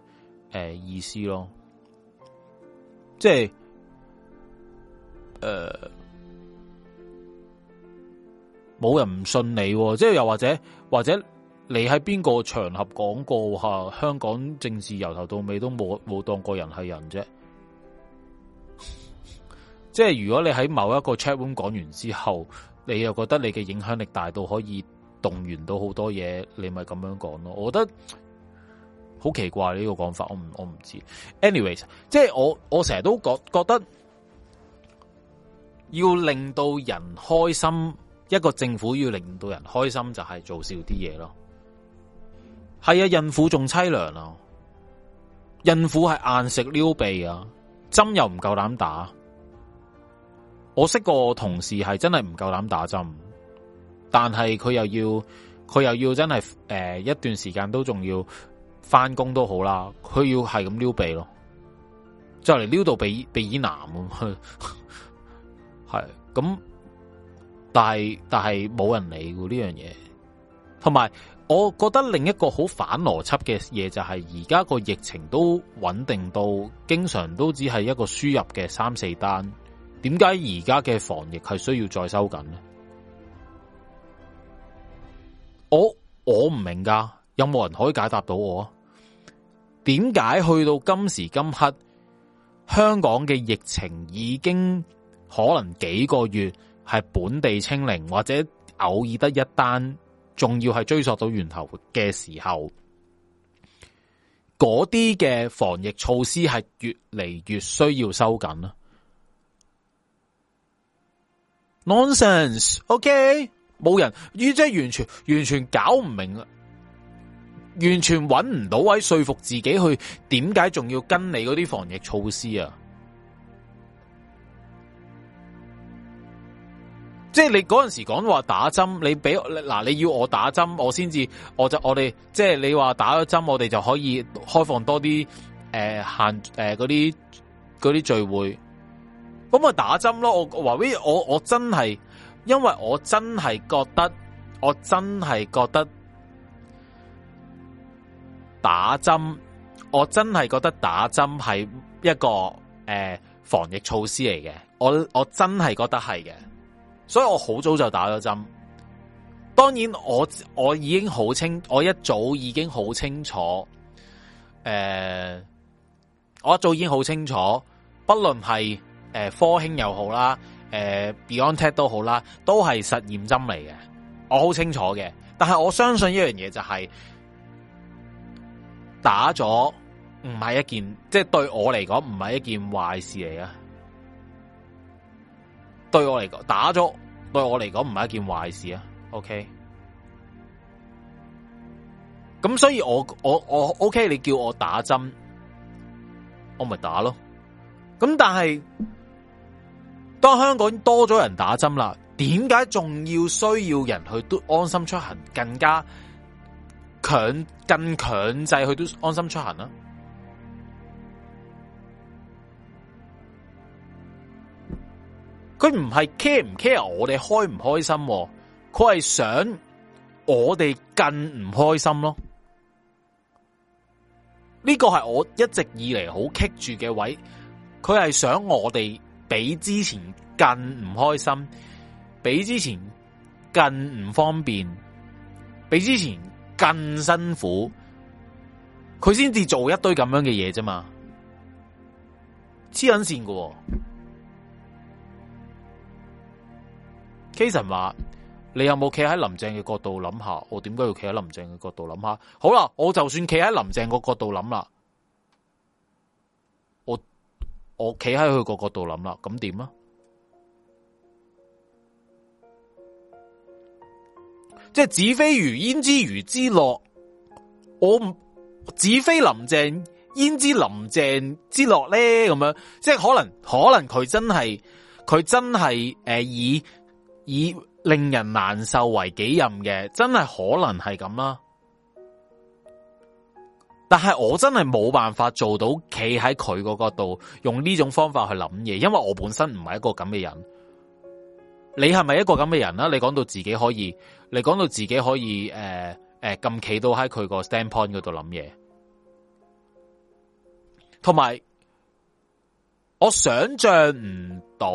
呃、意思咯，即係誒冇人唔信你，即係又或者或者你喺邊個場合講過吓？香港政治由頭到尾都冇冇當過人係人啫，即係如果你喺某一個 chat room 講完之後，你又覺得你嘅影響力大到可以動員到好多嘢，你咪咁樣講咯。我覺得好奇怪呢個講法，我唔我唔知。Anyways，即係我我成日都覺得覺得要令到人開心，一個政府要令到人開心就係做少啲嘢咯。係啊，孕婦仲凄涼啊！孕婦係硬食撩鼻啊，針又唔夠膽打。我識個同事係真係唔夠膽打針。但係佢又要佢又要真係誒、呃、一段時間都仲要翻工都好啦，佢要係咁撩鼻咯，就嚟撩到鼻鼻耳難啊！係咁， *laughs* 但係但係冇人理呢樣嘢。同埋，我覺得另一個好反邏輯嘅嘢就係而家個疫情都穩定到，經常都只係一個輸入嘅三四單。點解而家嘅防疫係需要再收緊呢？我我唔明㗎，有冇人可以解答到我？點解去到今時今刻，香港嘅疫情已經可能幾個月係本地清零，或者偶爾得一單，仲要係追溯到源頭嘅時候，嗰啲嘅防疫措施係越嚟越需要收緊 Nonsense，OK。Nonsense, okay? 冇人，即係完全完全搞唔明，完全搵唔到位說服自己去點解仲要跟你嗰啲防疫措施啊！即係你嗰陣時講話打針，你俾嗱，你要我打針，我先至我就我哋即係你話打咗針，我哋就可以開放多啲誒、呃、限誒嗰啲嗰啲聚會，咁啊打針咯！我話俾我我真係。因為我真係覺得，我真係覺得打針，我真係覺得打針係一個誒、呃、防疫措施嚟嘅。我我真係覺得係嘅，所以我好早就打咗針。當然我，我我已經好清，我一早已經好清楚。誒、呃，我一早已經好清楚，不論係誒、呃、科興又好啦。誒，uh，Beyond Tech 都好啦，都係實驗針嚟嘅，我好清楚嘅。但係我相信一樣嘢就係、是、打咗唔係一件，即、就、係、是、對我嚟講唔係一件壞事嚟啊！對我嚟講，打咗對我嚟講唔係一件壞事啊。OK，咁所以我我我 OK，你叫我打針，我咪打咯。咁但係。當香港多咗人打針啦，點解仲要需要人去都安心出行，更加強更強制去都安心出行啦？佢唔係 care 唔 care 我哋開唔開心，佢係想我哋更唔開心咯。呢個係我一直以嚟，好棘住嘅位，佢係想我哋。比之前更唔開心，比之前更唔方便，比之前更辛苦，佢先至做一堆咁樣嘅嘢啫嘛，黐撚線㗎。Kason *noise* 話：你有冇企喺林鄭嘅角度諗下？我點解要企喺林鄭嘅角度諗下？好啦，我就算企喺林鄭個角度諗啦。我企喺佢個角度諗啦，咁點啊？即係子非魚焉知魚之樂，我子非林鄭焉知林鄭之樂咧，咁樣即係可能可能佢真係佢真係誒、呃、以以令人難受為己任嘅，真係可能係咁啦。但係我真係冇辦法做到，企喺佢個角度用呢種方法去諗嘢，因為我本身唔係一個咁嘅人。你係咪一個咁嘅人啦？你講到自己可以，你講到自己可以，誒、呃、誒，咁企到喺佢個 standpoint 嗰度諗嘢，同埋我想象唔到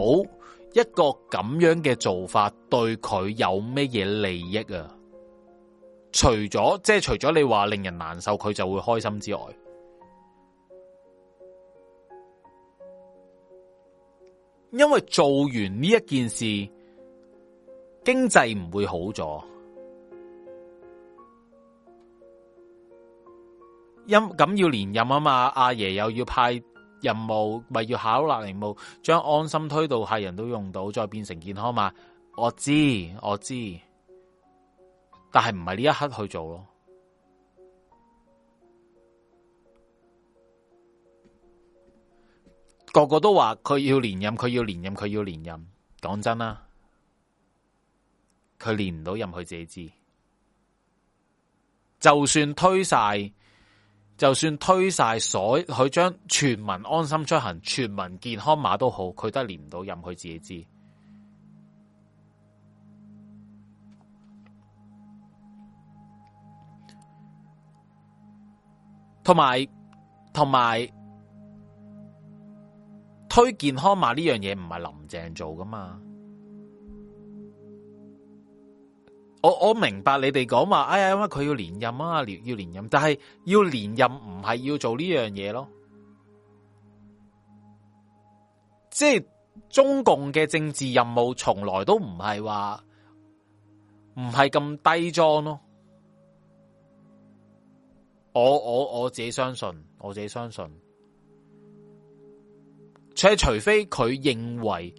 一個咁樣嘅做法對佢有咩嘢利益啊？除咗即係除咗你話令人難受佢就會開心之外，因為做完呢一件事，經濟唔會好咗。因咁要連任啊嘛，阿、啊、爺又要派任務，咪要考立陵墓，將安心推到客人都用到，再變成健康嘛。我知我知。但係唔係呢一刻去做咯，個個都話佢要連任，佢要連任，佢要連任。講真啦，佢連唔到任，佢自己知。就算推晒，就算推晒，所佢將全民安心出行，全民健康碼都好，佢都係連唔到任，佢自己知。同埋，同埋推健康碼呢樣嘢唔係林鄭做噶嘛？我我明白你哋講話，哎呀，因為佢要連任啊，要連任，但係要連任唔係要做呢樣嘢咯。即係中共嘅政治任務，從來都唔係話唔係咁低裝咯。我我我自己相信，我自己相信。除非佢認為，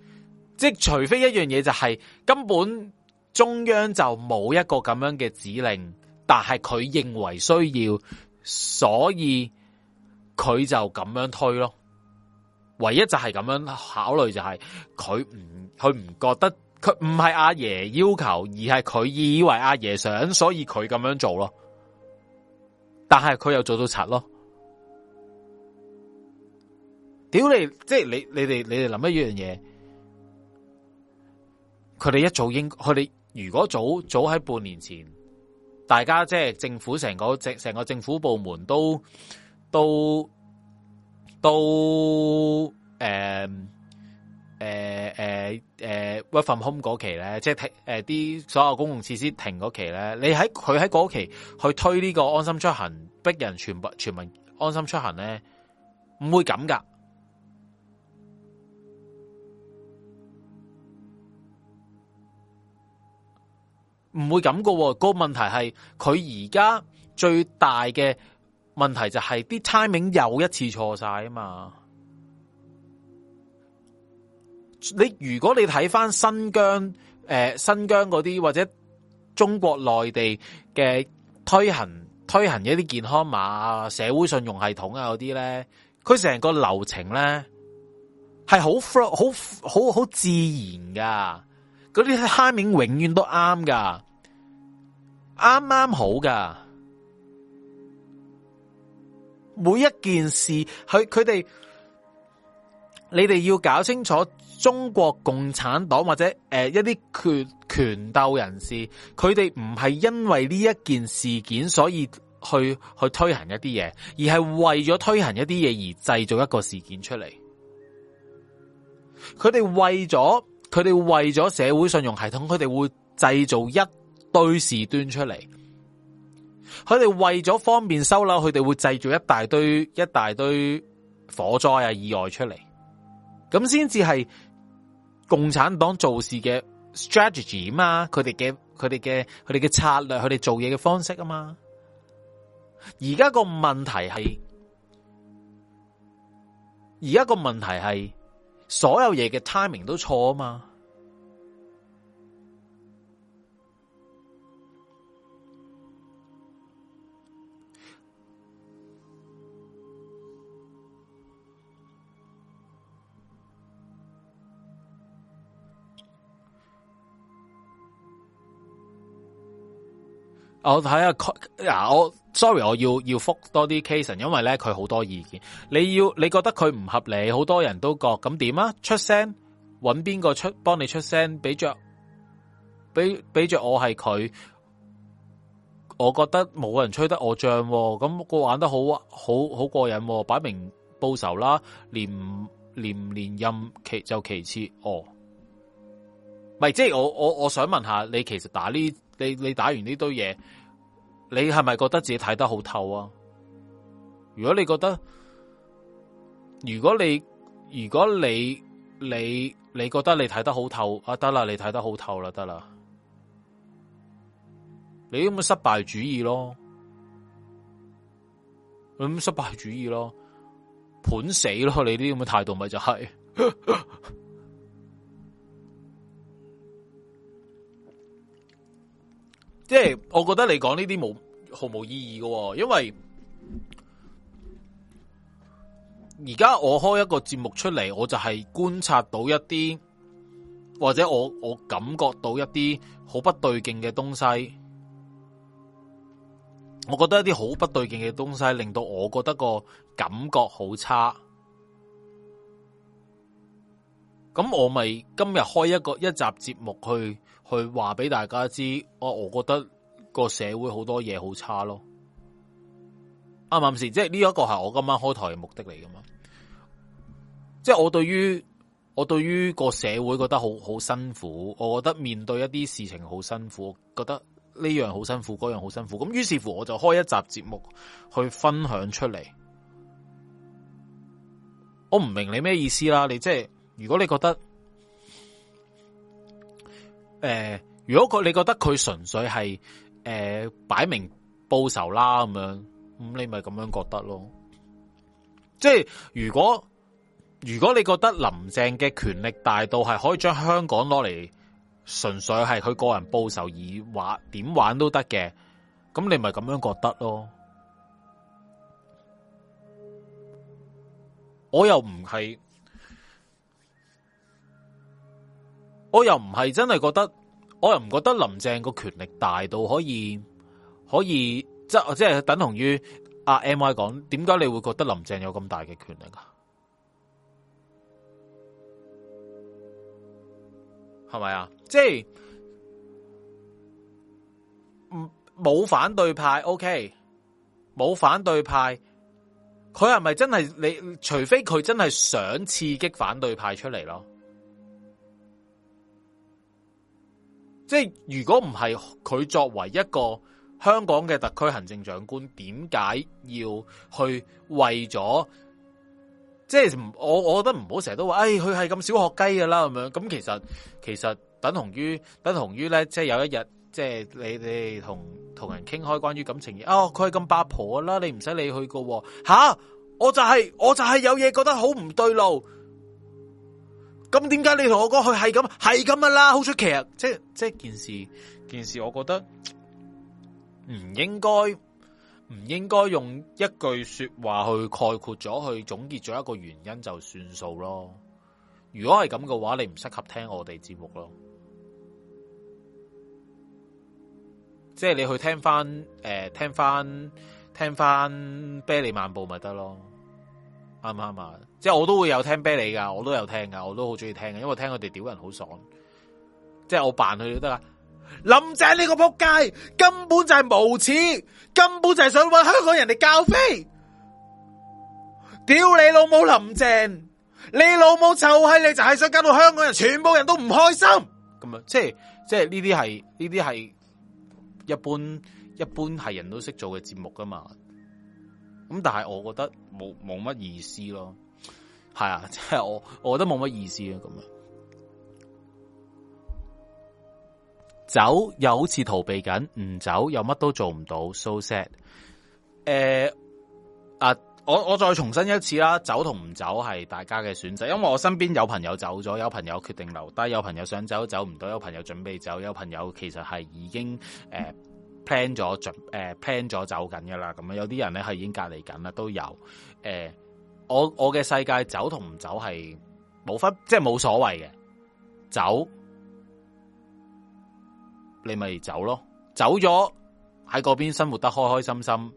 即除非一樣嘢，就係根本中央就冇一個咁樣嘅指令，但係佢認為需要，所以佢就咁樣推咯。唯一就係咁樣考慮就係佢唔佢唔覺得佢唔係阿爺要求，而係佢以爲阿爺想，所以佢咁樣做咯。但係佢又做到賊咯，屌你！即、就、係、是、你你哋你哋諗一樣嘢，佢哋一早應該佢哋如果早早喺半年前，大家即係、就是、政府成個政成個政府部門都都都誒嗯誒誒誒 work from home 嗰期咧，即係誒啲所有公共設施停嗰期咧，你喺佢喺嗰期，期去推呢個安心出行，逼人全部全民安心出行咧，唔、嗯、會咁噶，唔會咁噶，個問題係佢而家最大嘅問題就係啲 timing 又一次錯晒啊嘛。你如果你睇翻新疆誒、呃、新疆嗰啲或者中國內地嘅推行推行一啲健康碼啊、社會信用系統啊嗰啲咧，佢成個流程咧係好 flow 好好好自然噶，嗰啲 timing 永遠都啱噶，啱啱好噶，每一件事佢佢哋你哋要搞清楚。中國共產黨或者誒，一啲決權鬥人士，佢哋唔係因為呢一件事件所以去去推行一啲嘢，而係為咗推行一啲嘢而製造一個事件出嚟。佢哋為咗，佢哋為咗社會信用系統，佢哋會製造一堆事端出嚟。佢哋為咗方便收樓，佢哋會製造一大堆、一大堆火災啊、意外出嚟，咁先至係。共產黨做事嘅 strategy 啊嘛，佢哋嘅佢哋嘅佢哋嘅策略，佢哋做嘢嘅方式啊嘛。而家個問題係，而家個問題係，所有嘢嘅 timing 都錯啊嘛。我睇下佢，嗱、啊、我 sorry，我要要覆多啲 case，因為咧佢好多意見。你要你覺得佢唔合理，好多人都覺咁點啊？出聲搵邊個出幫你出聲，俾着，俾俾着我係佢。我覺得冇人吹得我脹，咁、個玩得好好好過癮，擺明報仇啦，連連連任其就其次。哦，咪，係即係我我我想問下你，其實打呢你你打完呢堆嘢。你係咪覺得自己睇得好透啊？如果你覺得，如果你如果你你你覺得你睇得好透，啊，得啦，你睇得好透啦，得啦，你咁嘅失敗主義咯，咁失敗主義咯，判死咯，你呢啲咁嘅態度咪就係、是。 *laughs* 即係，我覺得你講呢啲冇毫無意義嘅，因為而家我開一個節目出嚟，我就係觀察到一啲或者我我感覺到一啲好不對勁嘅東西，我覺得一啲好不對勁嘅東西令到我覺得個感覺好差，咁我咪今日開一個一集節目去。去話俾大家知，我我覺得個社會好多嘢好差咯，啱唔啱先？即係呢一個係我今晚開台嘅目的嚟噶嘛？即係我對於我對於個社會覺得好好辛苦，我覺得面對一啲事情好辛苦，覺得呢樣好辛苦，嗰樣好辛苦。咁於是乎，我就開一集節目去分享出嚟。我唔明你咩意思啦？你即係如果你覺得。誒、呃，如果佢你覺得佢純粹係誒、呃、擺明報仇啦咁樣，咁你咪咁樣覺得咯。即係如果如果你覺得林鄭嘅權力大到係可以將香港攞嚟，純粹係佢個人報仇而話點玩都得嘅，咁你咪咁樣覺得咯。我又唔係。我又唔係真係覺得，我又唔覺得林鄭個權力大到可以可以，即係等同於阿、啊、M I 講，點解你會覺得林鄭有咁大嘅權力啊？係咪啊？即係冇反對派，OK？冇反對派，佢係咪真係？你除非佢真係想刺激反對派出嚟咯。即係如果唔係佢作為一個香港嘅特區行政長官，點解要去為咗？即係我我覺得唔好成日都話，誒、哎，佢係咁小學雞噶啦，咁樣咁其實其實等同於等同於咧，即係有一日，即係你你同同人傾開關於感情嘢，哦，啊，佢係咁八婆啦，你唔使理佢噶，吓，我就係我就係有嘢覺得好唔對路。咁點解你同我講，佢係咁係咁嘅啦，好出奇。即係即係件事，件事我覺得唔應該唔應該用一句說話去概括咗，去總結咗一個原因就算數咯。如果係咁嘅話，你唔適合聽我哋節目咯。即係你去聽翻誒、呃，聽翻聽翻《啤梨漫步》咪得咯，啱唔啱啊？即係我都會有聽啤梨噶，我都有聽噶，我都好中意聽嘅，因為聽佢哋屌人好爽。即係我扮佢都得啦。林鄭呢個仆街，根本就係無恥，根本就係想搵香港人嚟教飛。屌你老母林鄭，你老母就係你就係、是、想搞到香港人，全部人都唔開心。咁樣即係即係呢啲係呢啲係一般一般係人都識做嘅節目噶嘛。咁但係我覺得冇冇乜意思咯。係啊，即係我，我覺得冇乜意思啊，咁樣走又好似逃避緊，唔走又乜都做唔到，so sad、欸。誒啊，我我再重申一次啦，走同唔走係大家嘅選擇，因為我身邊有朋友走咗，有朋友決定留低，但係有朋友想走走唔到，有朋友準備走，有朋友其實係已經誒、呃、plan 咗準誒、呃、plan 咗走緊噶啦，咁樣有啲人咧係已經隔離緊啦，都有誒。呃我我嘅世界走同唔走係冇分，即係冇所謂嘅。走，你咪走咯。走咗喺嗰邊生活得開開心心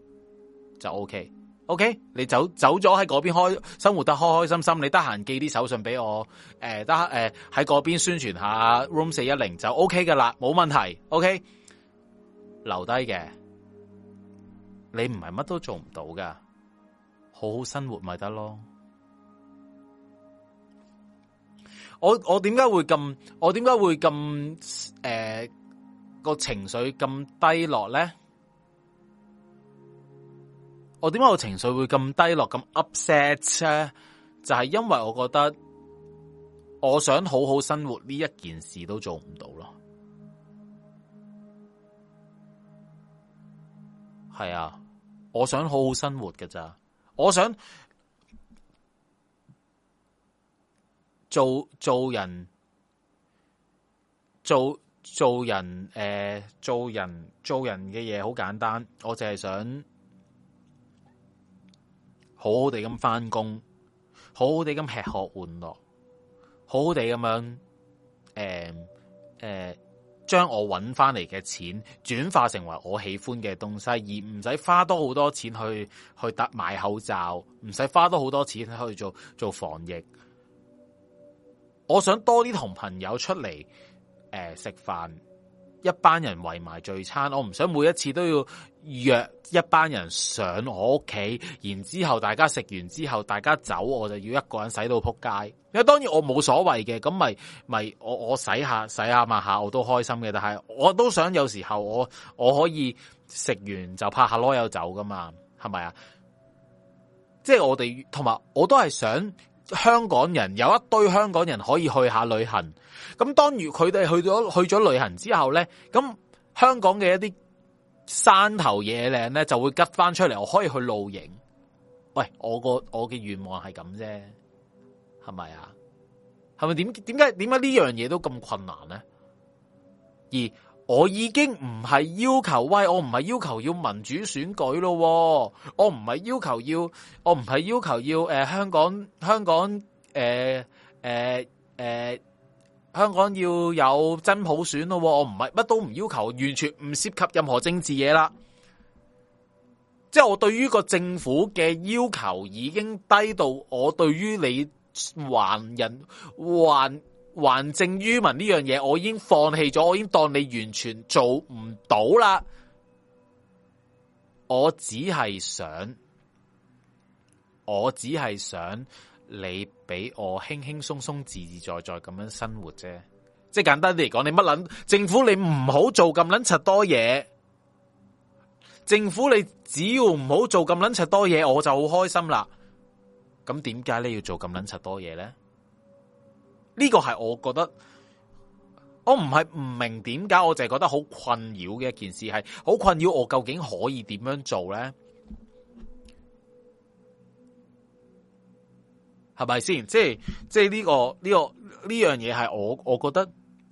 就 OK。OK，你走走咗喺嗰邊開生活得開開心心，你得閒寄啲手信俾我。誒、呃，得誒喺嗰邊宣傳下 Room 410就 OK 噶啦，冇問題。OK，留低嘅，你唔係乜都做唔到噶。好好生活咪得咯！我我點解會咁？我點解會咁？誒、呃，個情緒咁低落咧？我點解我情緒會咁低落咁 upset 呢？就係、是、因為我覺得我想好好生活呢一件事都做唔到咯。係啊，我想好好生活㗎咋。我想做做人，做做人，誒、呃，做人，做人嘅嘢好簡單，我淨係想好好地咁返工，好好地咁吃喝玩樂，好好地咁樣，誒、呃，誒、呃。將我揾翻嚟嘅錢轉化成為我喜歡嘅東西，而唔使花多好多錢去去搭買口罩，唔使花多好多錢去做做防疫。我想多啲同朋友出嚟，誒食飯。一班人圍埋聚餐，我唔想每一次都要約一班人上我屋企，然之後大家食完之後大家走，我就要一個人洗到撲街。因為當然我冇所謂嘅，咁咪咪我我洗下洗下抹下我都開心嘅。但係我都想有時候我我可以食完就拍下籮柚走㗎嘛，係咪啊？即係我哋同埋我都係想。香港人有一堆香港人可以去下旅行，咁當如佢哋去咗去咗旅行之後呢，咁香港嘅一啲山頭野嶺呢就會吉翻出嚟，我可以去露營。喂，我個我嘅願望係咁啫，係咪啊？係咪點點解點解呢樣嘢都咁困難呢？而我已經唔係要求，喂，我唔係要求要民主選舉咯，我唔係要求要，我唔係要求要，誒、呃、香港香港誒誒誒香港要有真普選咯，我唔係乜都唔要求，完全唔涉及任何政治嘢啦。即、就、係、是、我對於個政府嘅要求已經低到，我對於你還人還。還政於民呢樣嘢，我已經放棄咗，我已經當你完全做唔到啦。我只係想，我只係想你俾我輕輕鬆鬆、自自在在咁樣生活啫。即係簡單啲嚟講，你乜捻政府，你唔好做咁捻柒多嘢。政府你只要唔好做咁捻柒多嘢，我就好開心啦。咁點解你要做咁捻柒多嘢咧？呢、這個係我覺得，我唔係唔明點解，我淨係覺得好困擾嘅一件事，係好困擾我，究竟可以點樣做咧？係咪先？即係即係、這、呢個呢、這個呢樣嘢係我我覺得。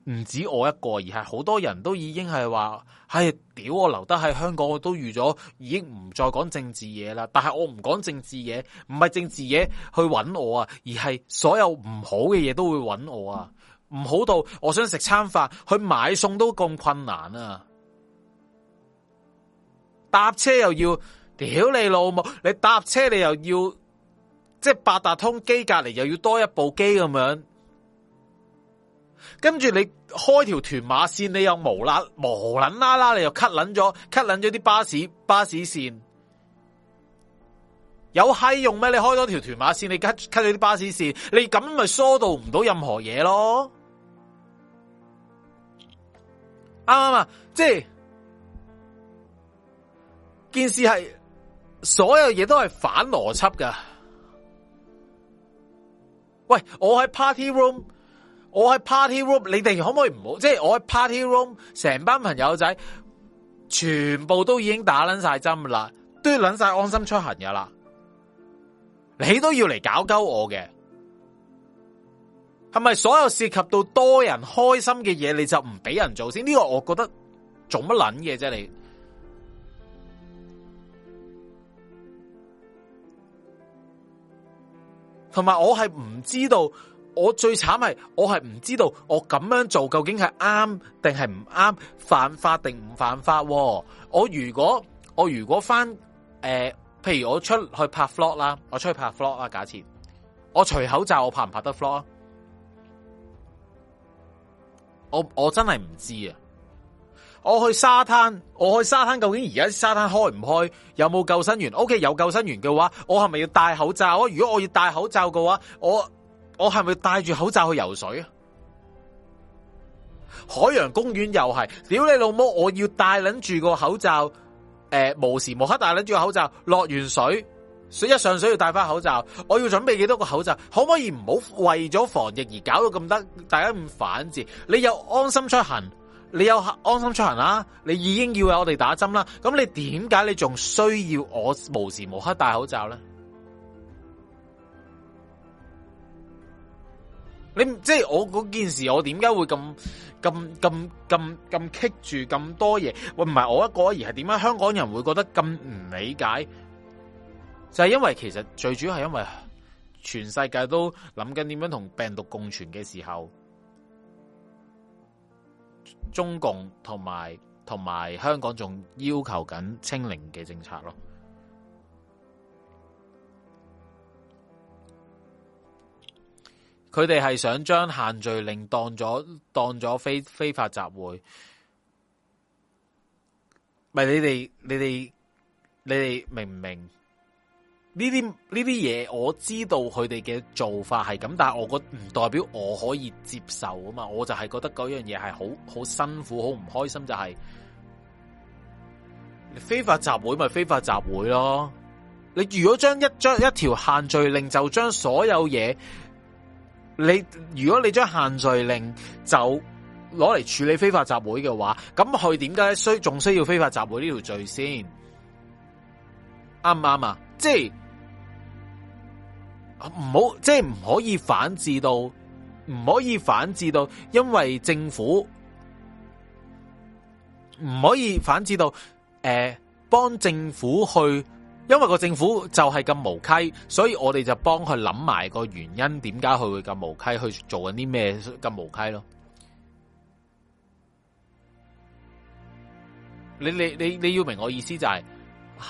唔止我一個，而係好多人都已經係話，唉、哎，屌我留得喺香港，我都預咗已經唔再講政治嘢啦。但係我唔講政治嘢，唔係政治嘢去揾我啊，而係所有唔好嘅嘢都會揾我啊，唔好到我想食餐飯去買餸都咁困難啊！搭車又要屌你老母，你搭車你又要即係八達通機隔籬又要多一部機咁樣。跟住你開條屯馬線你，你又無啦無捻啦啦，你又 cut 捻咗 cut 捻咗啲巴士巴士線，有閪用咩？你開多條屯馬線，你 cut cut 咗啲巴士線，你咁咪疏導唔到任何嘢咯？啱啱嘛？即係件事係所有嘢都係反邏輯噶喂，我喺 party room。我喺 party room，你哋可唔可以唔好？即係我喺 party room，成班朋友仔全部都已經打撚晒針啦，都撚晒安心出行嘅啦。你都要嚟搞鳩我嘅，係咪所有涉及到多人開心嘅嘢，你就唔俾人做先？呢個我覺得做乜捻嘢啫？你同埋我係唔知道。我最慘係，我係唔知道我咁樣做究竟係啱定係唔啱，犯法定唔犯法？我如果我如果翻誒、呃，譬如我出去拍 vlog 啦，我出去拍 vlog 啦，假設我除口罩，我拍唔拍得 vlog 啊？我我真係唔知啊！我去沙灘，我去沙灘，究竟而家沙灘開唔開？有冇救生員？O K，有救生員嘅、okay, 話，我係咪要戴口罩啊？如果我要戴口罩嘅話，我。我係咪戴住口罩去游水啊？海洋公園又係，屌你老母！我要戴撚住個口罩，誒、呃，無時無刻戴撚住個口罩。落完水，水一上水要戴返口罩。我要準備幾多個口罩？可唔可以唔好為咗防疫而搞到咁得大？大家咁反智，你又安心出行，你又安心出行啦。你已經要我哋打針啦，咁你點解你仲需要我無時無刻戴口罩咧？你即係我嗰件事，我點解會咁咁咁咁咁棘住咁多嘢？喂，唔係我一個，而係點解香港人會覺得咁唔理解？就係因為其實最主要係因為全世界都諗緊點樣同病毒共存嘅時候，中共同埋同埋香港仲要求緊清零嘅政策咯。佢哋係想將限聚令當咗當咗非非法集會，咪你哋你哋你哋明唔明？呢啲呢啲嘢，我知道佢哋嘅做法係咁，但係我覺得唔代表我可以接受啊嘛，我就係覺得嗰樣嘢係好好辛苦，好唔開心就係、是、非法集會咪非法集會咯。你如果將一張一條限聚令就將所有嘢。你如果你將限聚令就攞嚟處理非法集會嘅話，咁佢點解需仲需要非法集會呢條罪先？啱唔啱啊？即係唔好，即係唔可以反制到，唔可，可以反制到，因為政府唔可以反制到，誒，幫政府去。因為個政府就係咁無稽，所以我哋就幫佢諗埋個原因，點解佢會咁無稽去做緊啲咩咁無稽咯？你你你你要明我意思就係、是、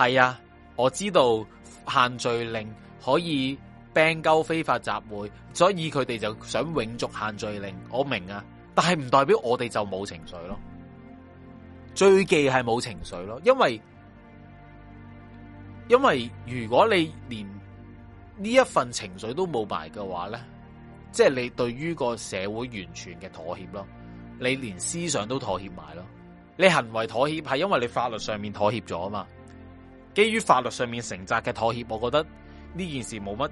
係啊，我知道限聚令可以抨救非法集會，所以佢哋就想永續限聚令。我明啊，但係唔代表我哋就冇情緒咯。最忌係冇情緒咯，因為。因為如果你連呢一份情緒都冇埋嘅話呢，即係你對於個社會完全嘅妥協咯，你連思想都妥協埋咯，你行為妥協係因為你法律上面妥協咗啊嘛，基於法律上面承責嘅妥協，我覺得呢件事冇乜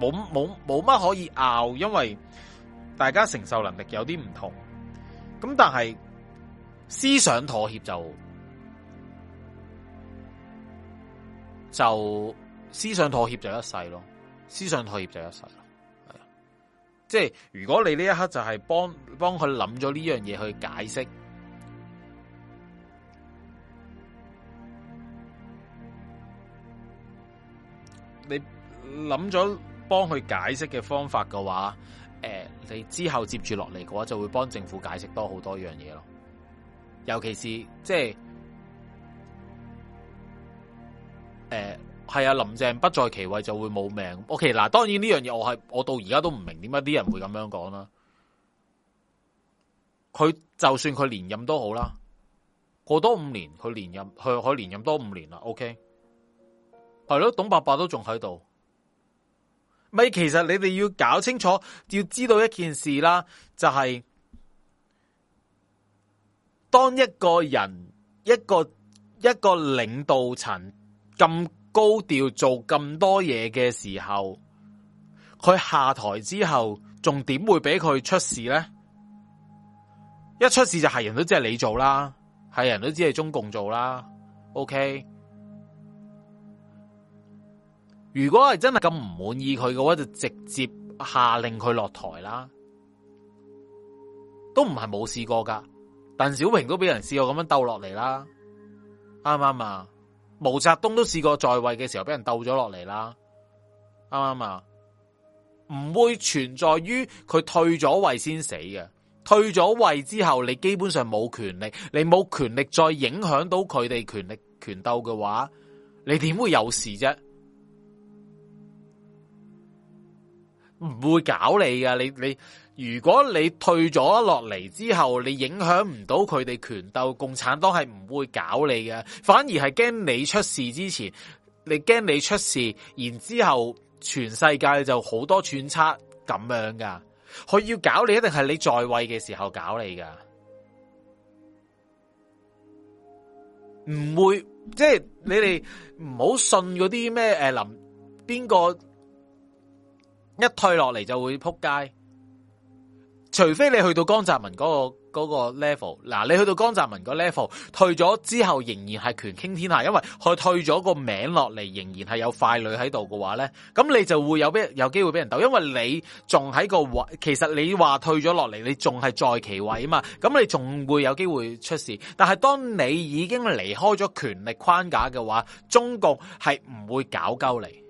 冇冇冇乜可以拗，因為大家承受能力有啲唔同，咁但係思想妥協就。就思想妥協就一世咯，思想妥協就一世咯，係啊！即係如果你呢一刻就係幫幫佢諗咗呢樣嘢去解釋，你諗咗幫佢解釋嘅方法嘅話，誒、呃，你之後接住落嚟嘅話就會幫政府解釋多好多樣嘢咯，尤其是即係。誒、哎，係啊，林鄭不在其位就會冇命。OK，嗱，當然呢樣嘢，我係我到而家都唔明點解啲人會咁樣講啦。佢就算佢連任都好啦，過多五年佢連任，佢可連任多五年啦。OK，係咯、啊，董伯伯都仲喺度。咪其實你哋要搞清楚，要知道一件事啦，就係、是、當一個人一個一個領導層。咁高調做咁多嘢嘅時候，佢下台之後，仲點會俾佢出事呢？一出事就係人都知係你做啦，係人都知係中共做啦。OK，如果係真係咁唔滿意佢嘅話，就直接下令佢落台啦。都唔係冇試過噶，鄧小平都俾人試過咁樣鬥落嚟啦，啱唔啱啊？毛澤東都試過在位嘅時候俾人鬥咗落嚟啦，啱唔啱啊？唔會存在於佢退咗位先死嘅，退咗位之後，你基本上冇權力，你冇權力再影響到佢哋權力權鬥嘅話，你點會有事啫？唔會搞你㗎，你你。如果你退咗落嚟之後，你影響唔到佢哋權鬥，共產黨係唔會搞你嘅，反而係驚你出事之前，你驚你出事，然之後全世界就好多揣測咁樣噶。佢要搞你，一定係你在位嘅時候搞你噶，唔 *music* 會，即係你哋唔好信嗰啲咩誒林邊個一退落嚟就會撲街。除非你去到江澤民嗰個嗰個 level，嗱你去到江澤民嗰個 level 退咗之後，仍然係權傾天下，因為佢退咗個名落嚟，仍然係有傀儡喺度嘅話咧，咁你就會有俾有機會俾人鬥，因為你仲喺個位，其實你話退咗落嚟，你仲係在其位啊嘛，咁你仲會有機會出事。但係當你已經離開咗權力框架嘅話，中共係唔會搞鳩你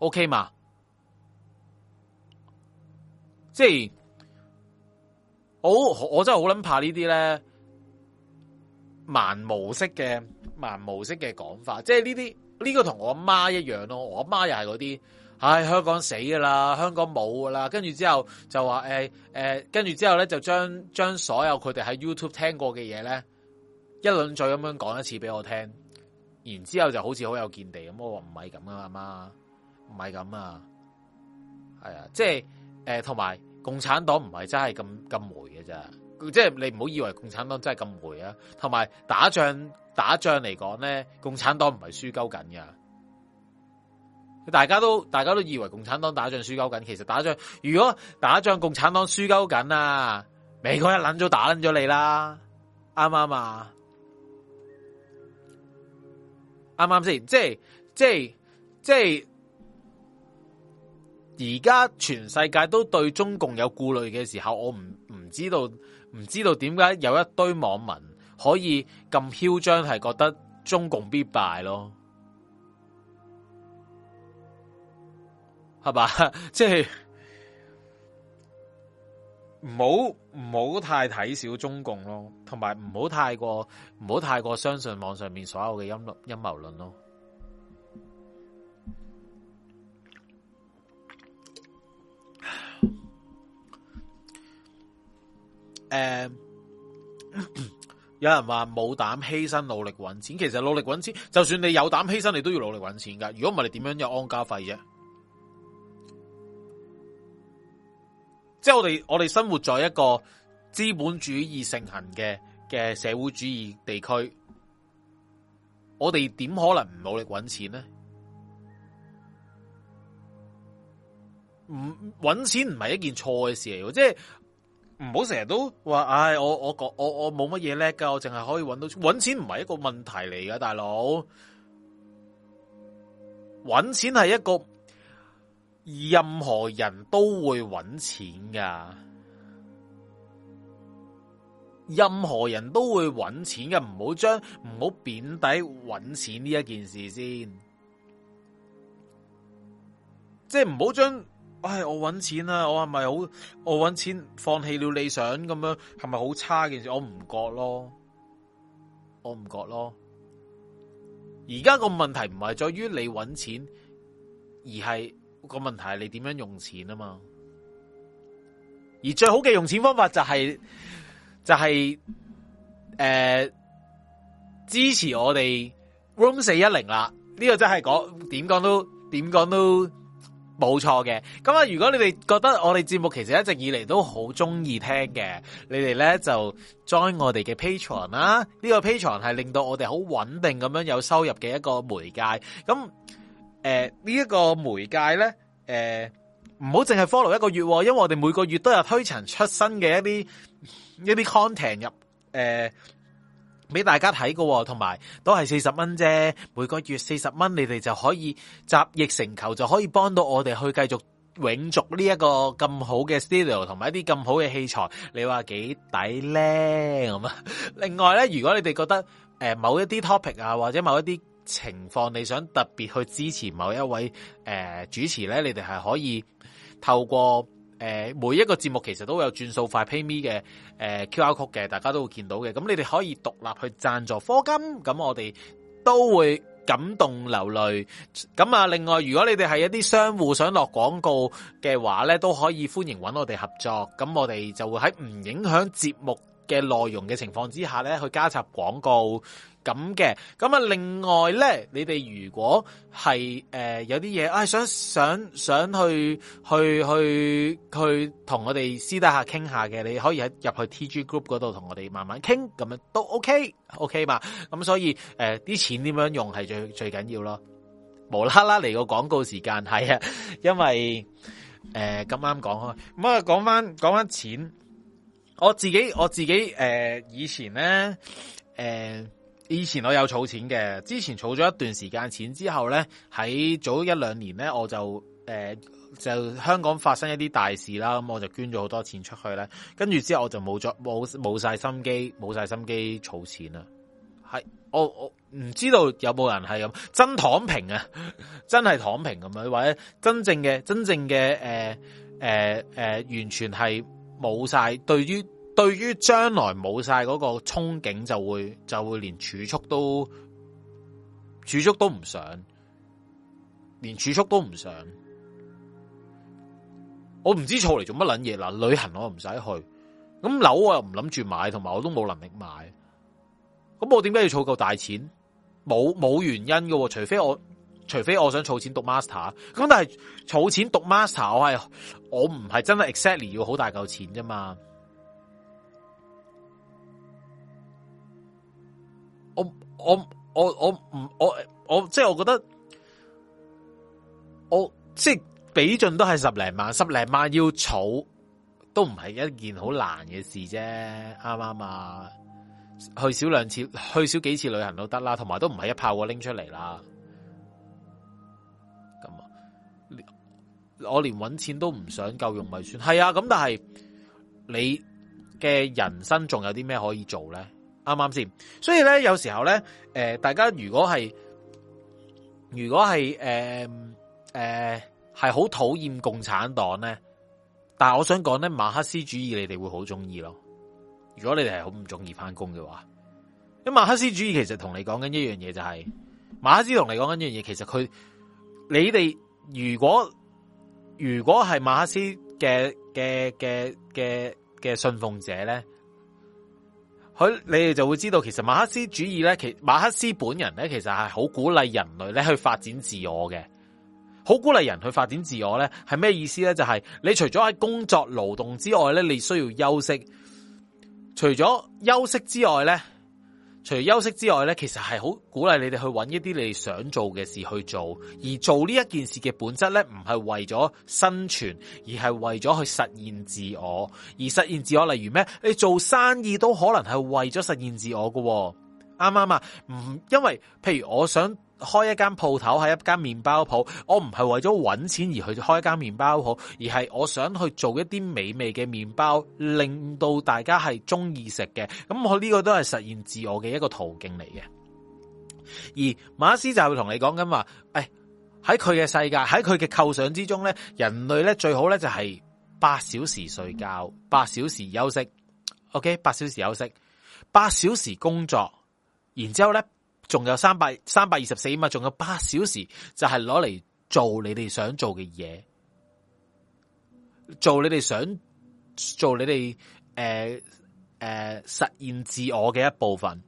，OK 嘛？即係，我我真係好諗怕呢啲咧，盲模式嘅盲模式嘅講法，即係呢啲呢個同我阿媽一樣咯。我阿媽又係嗰啲，唉，香港死噶啦，香港冇噶啦，跟住之後就話誒誒，跟住之後咧就將將所有佢哋喺 YouTube 聽過嘅嘢咧，一輪再咁樣講一次俾我聽，然之後就好似好有見地咁。我話唔係咁呀，阿媽唔係咁啊，係啊，即係。誒，同埋共產黨唔係真係咁咁霉嘅咋，即係你唔好以為共產黨真係咁霉啊！同埋打仗打仗嚟講咧，共產黨唔係輸鳩緊㗎。大家都大家都以為共產黨打仗輸鳩緊，其實打仗如果打仗共產黨輸鳩緊啊，美國一捻咗打捻咗你啦，啱啱啊？啱啱先？即係即係即係。而家全世界都對中共有顧慮嘅時候，我唔唔知道唔知道點解有一堆網民可以咁囂張，係覺得中共必敗咯，係吧？即係唔好唔好太睇小中共咯，同埋唔好太過唔好太過相信網上面所有嘅陰論陰謀論咯。誒、呃，有人話冇膽犧牲努力揾錢，其實努力揾錢，就算你有膽犧牲，你都要努力揾錢㗎。如果唔係，你點樣有安家費啫？即係我哋，我哋生活在一個資本主義盛行嘅嘅社會主義地區，我哋點可能唔努力揾錢呢？唔揾錢唔係一件錯嘅事嚟，即係。唔好成日都話，唉、哎！我我我我冇乜嘢叻噶，我淨係可以搵到錢，搵錢唔係一個問題嚟噶，大佬，搵錢係一個任何人都會搵錢噶，任何人都會搵錢嘅，唔好將唔好貶低搵錢呢一件事先，即係唔好將。唉，我搵錢啦，我係咪好？我搵錢放棄了理想咁樣，係咪好差嘅事？我唔覺咯，我唔覺咯。而家個問題唔係在於你搵錢，而係個問題係你點樣用錢啊嘛。而最好嘅用錢方法就係、是、就係誒支持我哋 Room 四一零啦。呢個真係講點講都點講都。冇錯嘅，咁啊，如果你哋覺得我哋節目其實一直以嚟都好中意聽嘅，你哋咧就 join 我哋嘅 Patreon 啦，呢個 Patreon 係令到我哋好穩定咁樣有收入嘅一個媒介。咁誒呢一個媒介咧，誒唔好淨係 follow 一個月，因為我哋每個月都有推陳出新嘅一啲一啲 content 入、呃、誒。俾大家睇嘅，同埋都係四十蚊啫，每個月四十蚊，你哋就可以集腋成裘，就可以幫到我哋去繼續永續呢一個咁好嘅 studio 同埋一啲咁好嘅器材。你話幾抵呢？咁另外呢，如果你哋覺得、呃、某一啲 topic 啊，或者某一啲情況，你想特別去支持某一位誒、呃、主持呢，你哋係可以透過。誒，每一個節目其實都會有轉數快 pay me 嘅誒 QR Code 嘅，大家都會見到嘅。咁你哋可以獨立去贊助科金，咁我哋都會感動流淚。咁啊，另外如果你哋係一啲商戶想落廣告嘅話咧，都可以歡迎揾我哋合作。咁我哋就會喺唔影響節目嘅內容嘅情況之下咧，去加插廣告咁嘅。咁啊，另外咧，你哋如果係誒、呃、有啲嘢，啊想想想去去去去同我哋私底下傾下嘅，你可以喺入去 TG Group 嗰度同我哋慢慢傾，咁樣都 OK OK 嘛。咁所以誒啲、呃、錢點樣用係最最緊要咯。無啦啦嚟個廣告時間係啊，因為誒咁啱講開，咁啊講翻講翻錢。我自己我自己誒、呃，以前咧誒、呃，以前我有儲錢嘅，之前儲咗一段時間錢之後咧，喺早一兩年咧，我就誒、呃、就香港發生一啲大事啦，咁我就捐咗好多錢出去呢。跟住之後我就冇咗冇冇晒心機，冇晒心機儲錢啦。係，我我唔知道有冇人係咁真躺平啊，真係躺平咁樣，或者真正嘅真正嘅誒誒誒，完全係。冇晒，對於對於將來冇晒嗰個憧憬，就會就會連儲蓄都儲蓄都唔想，連儲蓄都唔想。我唔知儲嚟做乜撚嘢嗱，旅行我又唔使去，咁樓我又唔諗住買，同埋我都冇能力買。咁我點解要儲夠大錢？冇冇原因噶，除非我。除非我想儲錢讀 master，咁但係儲錢讀 master，我係我唔係真係 exactly 要好大嚿錢啫嘛。我我我我唔我我，我，我，我，我即係我覺得，我即係畀盡都係十零萬，十零萬要儲都唔係一件好難嘅事啫，啱唔啱啊？去少兩次，去少幾次旅行都得啦，同埋都唔係一炮過拎出嚟啦。我連搵錢都唔想夠用咪算係啊咁，但係你嘅人生仲有啲咩可以做咧？啱啱先？所以咧，有時候咧，誒，大家如果係如果係誒誒係好討厭共產黨咧，但係我想講咧，馬克思主義你哋會好中意咯。如果你哋係好唔中意翻工嘅話，咁馬克思主義其實同你講緊一樣嘢、就係，就係馬克思同你講緊一樣嘢，其實佢你哋如果。如果係馬克思嘅嘅嘅嘅嘅信奉者咧，佢你哋就會知道，其實馬克思主義咧，其實馬克思本人咧，其實係好鼓勵人類咧去發展自我嘅，好鼓勵人去發展自我咧，係咩意思咧？就係你除咗喺工作勞動之外咧，你需要休息，除咗休息之外咧。除休息之外呢，其實係好鼓勵你哋去揾一啲你哋想做嘅事去做，而做呢一件事嘅本質呢，唔係為咗生存，而係為咗去實現自我。而實現自我，例如咩？你做生意都可能係為咗實現自我喎。啱唔啱啊？唔因為，譬如我想。開一間鋪頭，喺一間麵包鋪，我唔係為咗搵錢而去開一間麵包鋪，而係我想去做一啲美味嘅麵包，令到大家係中意食嘅。咁我呢個都係實現自我嘅一個途徑嚟嘅。而馬斯就會同你講緊話，誒、哎，喺佢嘅世界，喺佢嘅構想之中呢，人類呢最好呢就係八小時睡覺，八小時休息，OK，八小時休息，八小時工作，然之後呢仲有三百三百二十四嘛？仲有八小時就係攞嚟做你哋想做嘅嘢，做你哋想做你哋誒誒實現自我嘅一部分。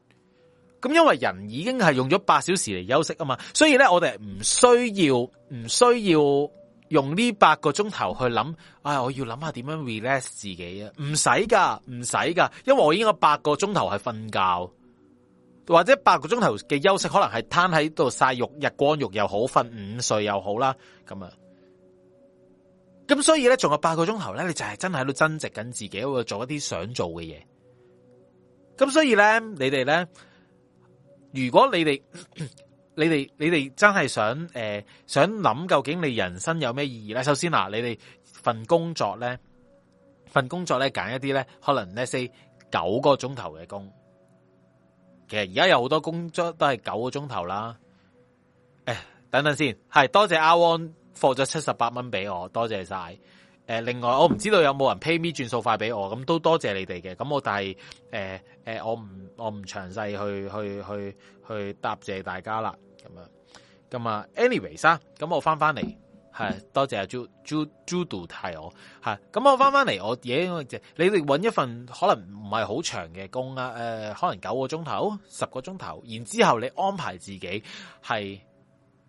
咁因為人已經係用咗八小時嚟休息啊嘛，所以咧我哋唔需要唔需要用呢八個鐘頭去諗，啊、哎、我要諗下點樣 relax 自己啊？唔使噶，唔使噶，因為我已經有八個鐘頭係瞓覺。或者八個鐘頭嘅休息，可能係攤喺度曬肉、日光浴又好，瞓午睡又好啦。咁啊，咁所以咧，仲有八個鐘頭咧，你就係真係喺度增值緊自己，喺度做一啲想做嘅嘢。咁所以咧，你哋咧，如果你哋，你哋，你哋真係想誒、呃，想諗究竟你人生有咩意義咧？首先嗱，你哋份工作咧，份工作咧，揀一啲咧，可能咧，say 九個鐘頭嘅工。其實而家有好多工作都係九個鐘頭啦，誒，等等先，係多謝阿旺貨咗七十八蚊俾我，多謝晒。誒、呃，另外我唔知道有冇人 pay me 轉數快俾我，咁都多謝你哋嘅。咁我但係，誒、呃、誒、呃，我唔我唔詳細去去去去答謝大家啦。咁樣，咁啊，anyway 啦，咁我翻翻嚟。係多謝阿、啊、Jo Jo Jo Do 太我係咁。我翻翻嚟，我嘢，你哋揾一份可能唔係好長嘅工啦。誒、呃，可能九個鐘頭、十個鐘頭，然之後你安排自己係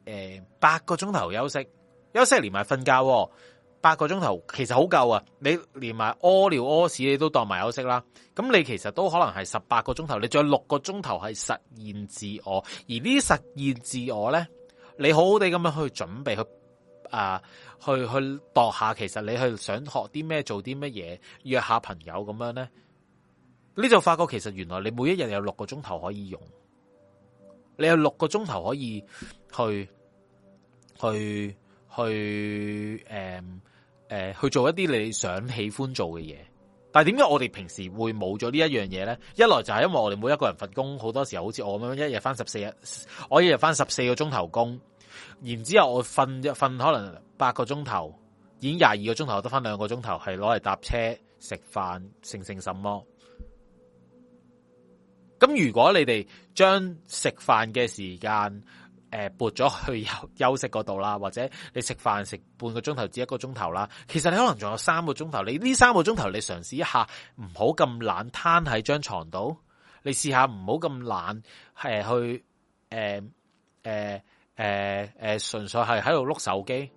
誒八個鐘頭休息，休息連埋瞓覺，八個鐘頭其實好夠啊。你連埋屙尿屙屎你都當埋休息啦。咁你,你其實都可能係十八個鐘頭，你仲有六個鐘頭係實現自我，而呢啲實現自我咧，你好好地咁樣去準備去。啊，去去度下，其實你去想學啲咩，做啲乜嘢，約下朋友咁樣呢？你就發覺其實原來你每一日有六個鐘頭可以用，你有六個鐘頭可以去去去誒誒、嗯呃、去做一啲你想喜歡做嘅嘢。但係點解我哋平時會冇咗呢一樣嘢呢？一來就係因為我哋每一個人份工好多時候好似我咁樣，一日翻十四日，我一日翻十四個鐘頭工。然之後我，我瞓可能八個鐘頭，已經廿二個鐘頭，得翻兩個鐘頭，係攞嚟搭車、食飯、剩剩什麼？咁如果你哋將食飯嘅時間，誒、呃、撥咗去休休息嗰度啦，或者你食飯食半個鐘頭至一個鐘頭啦，其實你可能仲有三個鐘頭，你呢三個鐘頭你嘗試一下，唔好咁懶攤喺張床度，你試下唔好咁懶，係去誒誒。呃呃誒、呃、誒、呃，純粹係喺度碌手機，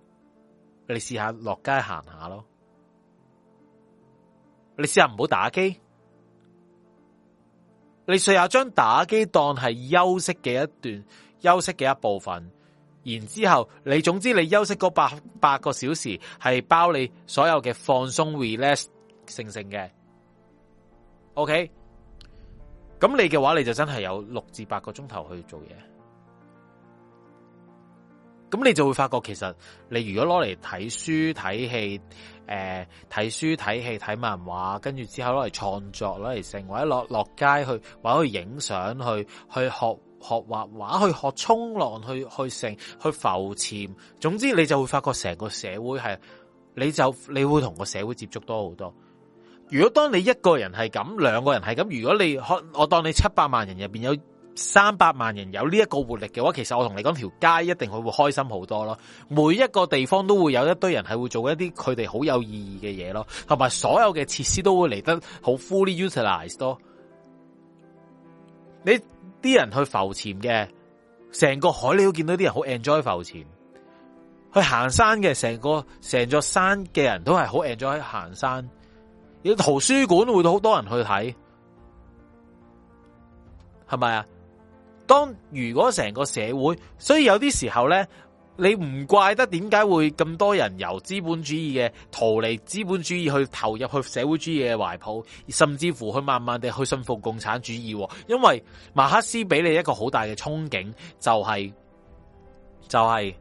你試，試下落街行下咯，你試下唔好打機，你試下將打機當係休息嘅一段，休息嘅一部分。然之後，你總之你休息嗰八八個小時係包你所有嘅放鬆 relax 性性嘅。OK，咁你嘅話，你就真係有六至八個鐘頭去做嘢。咁你就會發覺，其實你如果攞嚟睇書睇戲，誒睇書睇戲睇漫畫，跟住之後攞嚟創作，攞嚟成，或者落落街去，或者去影相，去去學學畫畫，去學衝浪，去去，去成去浮潛。總之你就會發覺成個社會係，你就你會同個社會接觸多好多。如果當你一個人係咁，兩個人係咁，如果你我當你七百萬人入邊有三百萬人有呢一個活力嘅話，其實我同你講條街一定佢會開心好多咯。每一個地方都會有一堆人係會做一啲佢哋好有意義嘅嘢咯，同埋所有嘅設施都會嚟得好 fully utilize 咯。你啲人去浮潛嘅，成個海你都見到啲人好 enjoy 浮潛。去行山嘅，成個成座山嘅人都係好 enjoy 行山。而圖書館會好多人去睇，係咪啊？當如果成個社會，所以有啲時候呢，你唔怪得點解會咁多人由資本主義嘅，逃離資本主義去投入去社會主義嘅懷抱，甚至乎去慢慢地去信服共產主義。因為馬克思俾你一個好大嘅憧憬，就係、是、就係、是、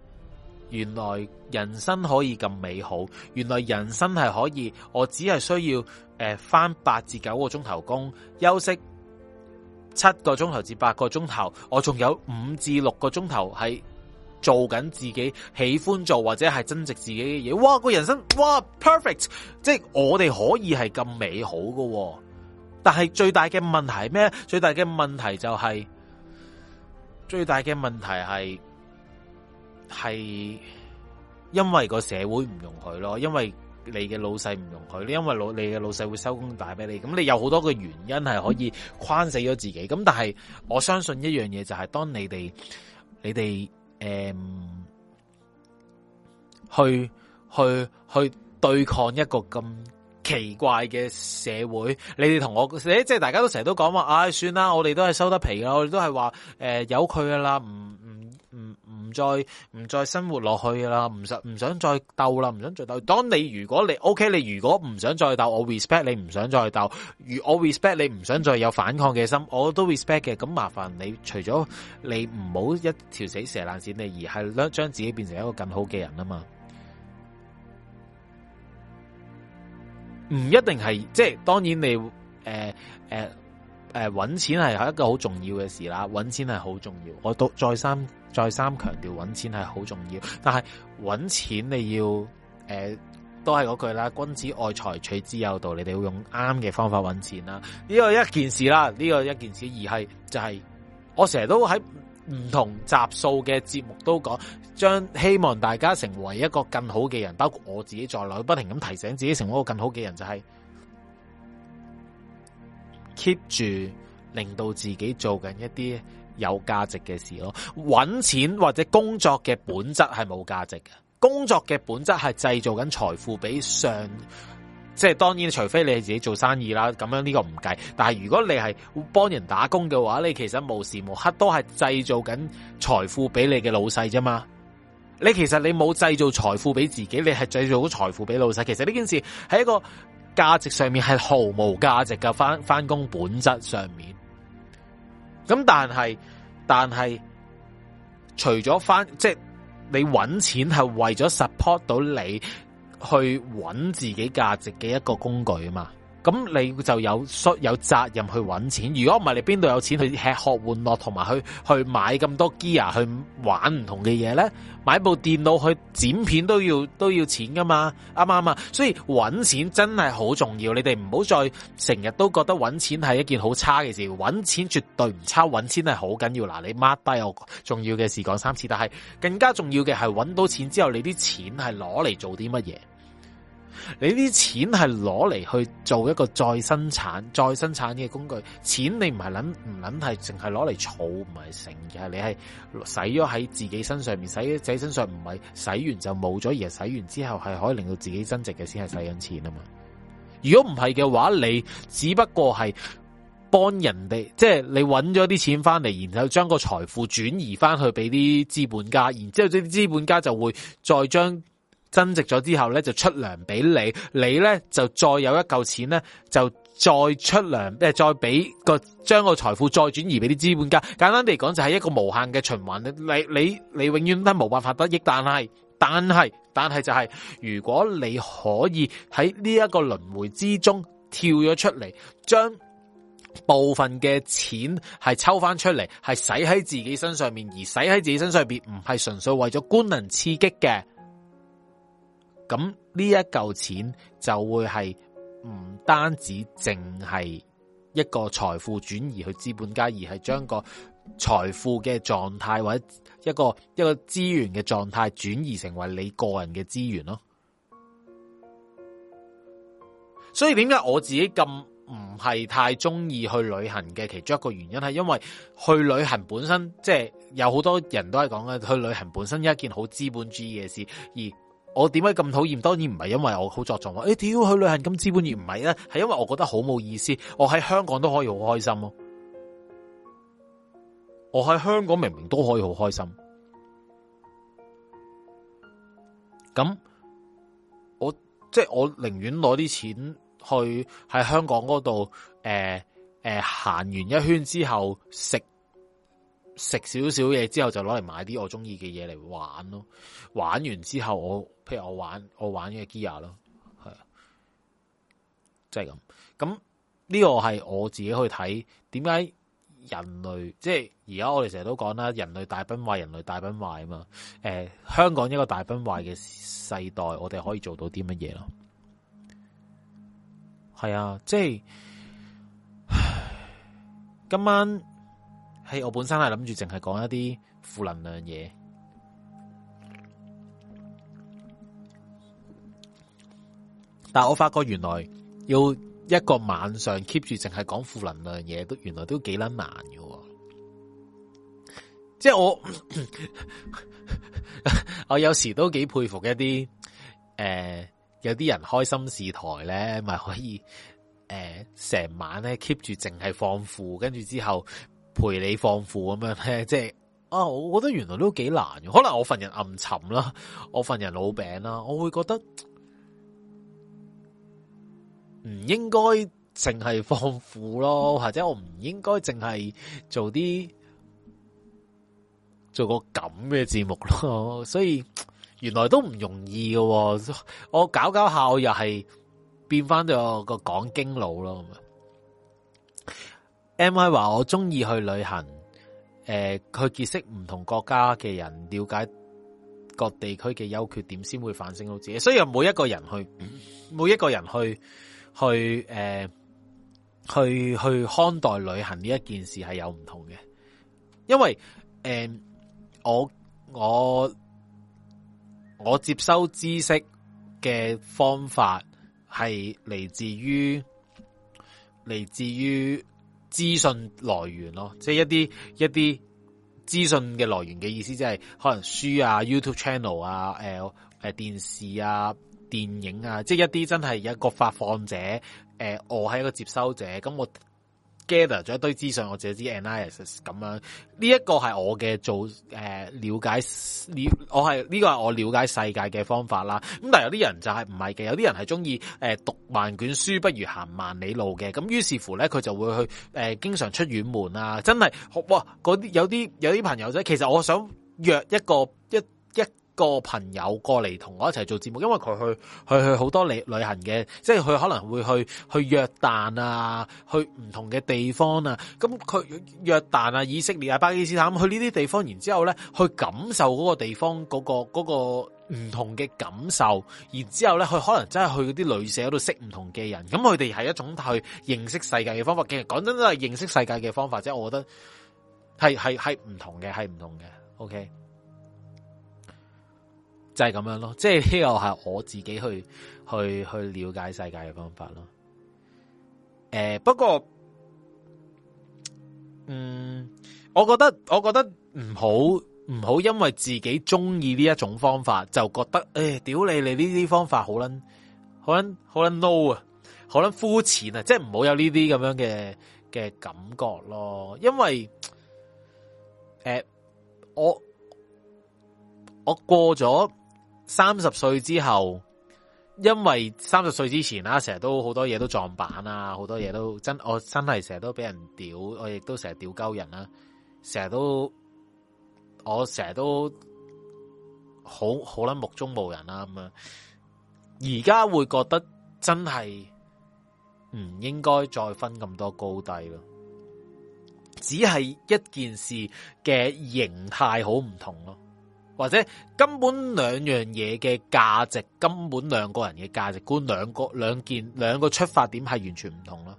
原來人生可以咁美好，原來人生係可以，我只係需要誒返八至九個鐘頭工，休息。七個鐘頭至八個鐘頭，我仲有五至六個鐘頭係做緊自己喜歡做或者係增值自己嘅嘢。哇，個人生，哇 Perfect，即係我哋可以係咁美好嘅。但係最大嘅問題係咩？最大嘅問題就係、係、最大嘅問題係係因為個社會唔容許咯，因為。你嘅老細唔容許你因為老你嘅老細會收工大俾你，咁你有好多嘅原因係可以框死咗自己。咁但係我相信一樣嘢就係，當你哋你哋誒、嗯，去去去對抗一個咁奇怪嘅社會，你哋同我即係大家都成日都講話，唉、哎，算啦，我哋都係收得皮啦，我哋都係話誒，有佢噶啦，唔。唔再唔再生活落去啦，唔想唔想再鬥啦，唔想再鬥。當你如果你 OK，你如果唔想再鬥，我 respect 你唔想再鬥。如我 respect 你唔想再有反抗嘅心，我都 respect 嘅。咁麻煩，除你除咗你唔好一條死蛇爛鱔，你而係將自己變成一個更好嘅人啊嘛。唔一定係即係，當然你誒誒誒，搵、呃呃、錢係一個好重要嘅事啦，搵錢係好重要。我都再三。再三強調揾錢係好重要，但係揾錢你要誒、呃，都係嗰句啦，君子愛財取之有道，你哋要用啱嘅方法揾錢啦。呢個一件事啦，呢個一件事，而係就係、是、我成日都喺唔同集數嘅節目都講，將希望大家成為一個更好嘅人，包括我自己在內，不停咁提醒自己成為一個更好嘅人，就係 keep 住令到自己做緊一啲。有價值嘅事咯，搵錢或者工作嘅本質係冇價值嘅。工作嘅本質係製造緊財富俾上，即係當然，除非你係自己做生意啦，咁樣呢個唔計。但係如果你係幫人打工嘅話，你其實無時無刻都係製造緊財富俾你嘅老細啫嘛。你其實你冇製造財富俾自己，你係製造咗財富俾老細。其實呢件事喺一個價值上面係毫無價值嘅。翻翻工本質上面。咁但係，但係，除咗翻，即係你搵錢係為咗 support 到你去搵自己價值嘅一個工具啊嘛？咁你就有有責任去搵錢，如果唔係你邊度有錢去吃喝玩樂同埋去去買咁多 gear 去玩唔同嘅嘢呢？買部電腦去剪片都要都要錢噶嘛？啱唔啱啊？所以搵錢真係好重要，你哋唔好再成日都覺得搵錢係一件好差嘅事，搵錢絕對唔差，搵錢係好緊要。嗱，你 mark 低我重要嘅事講三次，但係更加重要嘅係搵到錢之後，你啲錢係攞嚟做啲乜嘢？你啲錢係攞嚟去做一個再生產、再生產啲嘅工具，錢你唔係諗唔諗係淨係攞嚟儲，唔係成嘅，你係使咗喺自己身上面，使喺自己身上唔係使完就冇咗，而係使完之後係可以令到自己增值嘅，先係使緊錢啊嘛。如果唔係嘅話，你只不過係幫人哋，即係你揾咗啲錢翻嚟，然後將個財富轉移翻去俾啲資本家，然之後啲資本家就會再將。增值咗之後咧，就出糧俾你，你咧就再有一嚿錢咧，就再出糧，即係再俾個將個財富再轉移俾啲資本家。簡單地嚟講，就係一個無限嘅循環。你你你永遠都係冇辦法得益。但係但係但係就係，如果你可以喺呢一個輪迴之中跳咗出嚟，將部分嘅錢係抽翻出嚟，係使喺自己身上面，而使喺自己身上面唔係純粹為咗官能刺激嘅。咁呢一嚿錢就會係唔單止淨係一個財富轉移去資本家，而係將個財富嘅狀態或者一個一個資源嘅狀態轉移成為你個人嘅資源咯。所以點解我自己咁唔係太中意去旅行嘅其中一個原因係因為去旅行本身，即係有好多人都係講嘅，去旅行本身一件好資本主義嘅事，而。我點解咁討厭？當然唔係因為我好作狀，誒、哎，屌去旅行咁資本而唔係呢？係因為我覺得好冇意思。我喺香港都可以好開心咯，我喺香港明明都可以好開心。咁我即係、就是、我寧願攞啲錢去喺香港嗰度，誒、呃、誒、呃，行完一圈之後食。食少少嘢之後就攞嚟買啲我中意嘅嘢嚟玩咯，玩完之後我，譬如我玩我玩呢個 gear 咯，係啊，即係咁。咁呢個係我自己去睇，點解人類即係而家我哋成日都講啦，人類大崩壞，人類大崩壞啊嘛。誒，香港一個大崩壞嘅世代，我哋可以做到啲乜嘢咯？係啊，即係今晚。係、hey，我本身係諗住淨係講一啲負能量嘢，但我發覺原來要一個晚上 keep 住淨係講負能量嘢，都原來都幾撚難㗎。即係我，我有時都幾佩服一啲誒、呃，有啲人開心事台咧，咪可以誒、成、呃、晚咧 keep 住淨係放負，跟住之後。陪你放負咁樣咧，即係啊！我覺得原來都幾難嘅，可能我份人暗沉啦，我份人老餅啦，我會覺得唔應該淨係放負咯，或者我唔應該淨係做啲做個咁嘅節目咯。所以原來都唔容易嘅，我搞搞下我又係變翻咗個講經佬咯。M I 話我中意去旅行，誒、呃，去結識唔同國家嘅人，了解各地區嘅優缺點，先會反省到自己。所以每一個人去，每一個人去，去誒、呃，去去看待旅行呢一件事係有唔同嘅，因為誒、呃，我我我接收知識嘅方法係嚟自於嚟自於。資訊來源咯，即係一啲一啲資訊嘅來源嘅意思，就是，即係可能書啊、YouTube channel 啊、呃、電視啊、電影啊，即係一啲真係一個發放者，呃、我係一個接收者，咁我。gather 咗一堆資訊，我自己啲 analysis 咁樣，呢、這、一個係我嘅做誒、呃、了解，了我係呢、這個係我了解世界嘅方法啦。咁但係有啲人就係唔係嘅，有啲人係鍾意誒讀萬卷書不如行萬里路嘅。咁於是乎咧，佢就會去誒、呃、經常出遠門啊！真係哇，嗰啲有啲有啲朋友啫。其實我想約一個一。個朋友過嚟同我一齊做節目，因為佢去去去好多旅旅行嘅，即係佢可能會去去約旦啊，去唔同嘅地方啊，咁佢約旦啊、以色列啊、巴基斯坦去呢啲地方，然之後咧去感受嗰個地方嗰個嗰個唔同嘅感受，然之後咧佢可能真係去啲旅社嗰度識唔同嘅人，咁佢哋係一種去認識世界嘅方法，其實講真都係認識世界嘅方法，即係我覺得係係係唔同嘅，係唔同嘅，OK。就係、是、咁樣咯，即係呢個係我自己去去去了解世界嘅方法咯。誒、欸，不過，嗯，我覺得我覺得唔好唔好，不好因為自己中意呢一種方法就覺得誒、欸，屌你你呢啲方法好撚好撚好撚 no 啊，好撚膚淺啊，即係唔好有呢啲咁樣嘅嘅感覺咯。因為，誒、欸，我我過咗。三十歲之後，因為三十歲之前啦，成日都好多嘢都撞板啊，好多嘢都真，我真係成日都俾人屌，我亦都成日屌鳩人啦，成日都我成日都好好啦，目中無人啦咁啊，而家會覺得真係唔應該再分咁多高低咯，只係一件事嘅形態好唔同咯。或者根本兩樣嘢嘅價值，根本兩個人嘅價值觀，兩個兩件兩個出發點係完全唔同咯。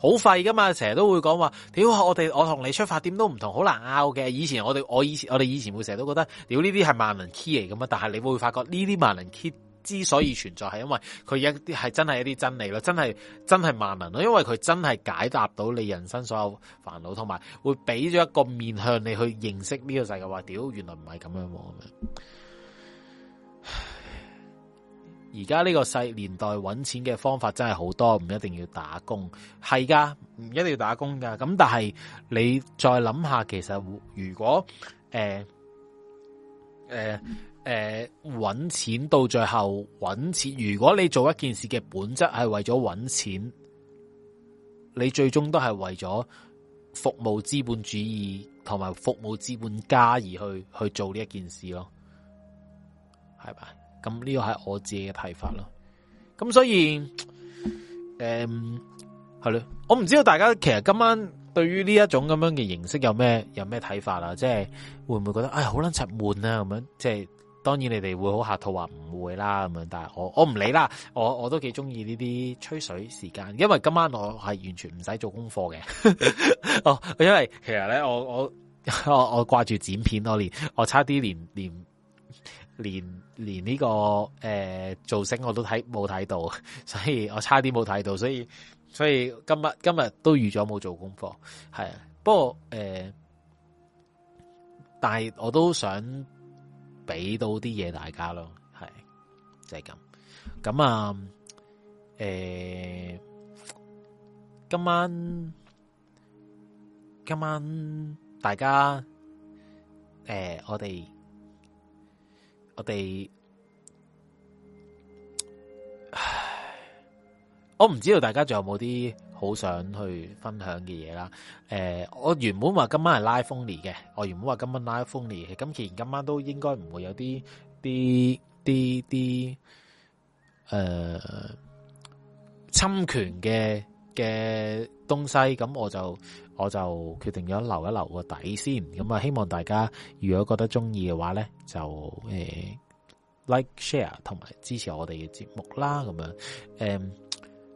好廢㗎嘛，成日都會講話，屌我哋我同你出發點都唔同，好難拗嘅。以前我哋我以前我哋以前會成日都覺得，屌呢啲係萬能 key 嚟㗎嘛，但係你會發覺呢啲萬能 key。之所以存在，係因為佢一啲係真係一啲真理咯，真係真係萬能咯，因為佢真係解答到你人生所有煩惱，同埋會俾咗一個面向你去認識呢個世界。話屌，原來唔係咁樣喎！而家呢個世年代揾錢嘅方法真係好多，唔一定要打工，係噶，唔一定要打工噶。咁但係你再諗下，其實如果誒誒，呃呃誒、嗯，搵錢到最後搵錢，如果你做一件事嘅本質係為咗搵錢，你最終都係為咗服務資本主義同埋服務資本家而去去做呢一件事咯，係咪？咁呢個係我自己嘅睇法咯。咁所以，誒、嗯，係咯，我唔知道大家其實今晚對於呢一種咁樣嘅形式有咩有咩睇法啦，即係會唔會覺得誒好捻柒悶啊？咁樣即係。當然你哋會好客套話唔會啦咁樣，但係我我唔理啦，我我,我都幾中意呢啲吹水時間，因為今晚我係完全唔使做功課嘅。 *laughs* 哦，因為其實咧，我我我,我,我掛住剪片，多年我差啲連連連連呢、這個誒、呃、造星我都睇冇睇到，所以我差啲冇睇到，所以所以今日今日都預咗冇做功課，係啊。不過誒，但係我都、呃、想。俾到啲嘢大家咯，係就係咁咁啊！誒、欸，今晚今晚大家誒、欸，我哋我哋，唉，我唔知道大家仲有冇啲好想去分享嘅嘢啦、呃，我原本話今晚係拉風獅嘅，我原本話今晚拉風獅嘅。咁既然今晚都應該唔會有啲啲啲啲誒侵權嘅嘅東西，咁我就我就決定咗留一留個底先，咁、嗯、啊、嗯，希望大家如果覺得中意嘅話咧，就、呃、Like Share 同埋支持我哋嘅節目啦，咁樣、嗯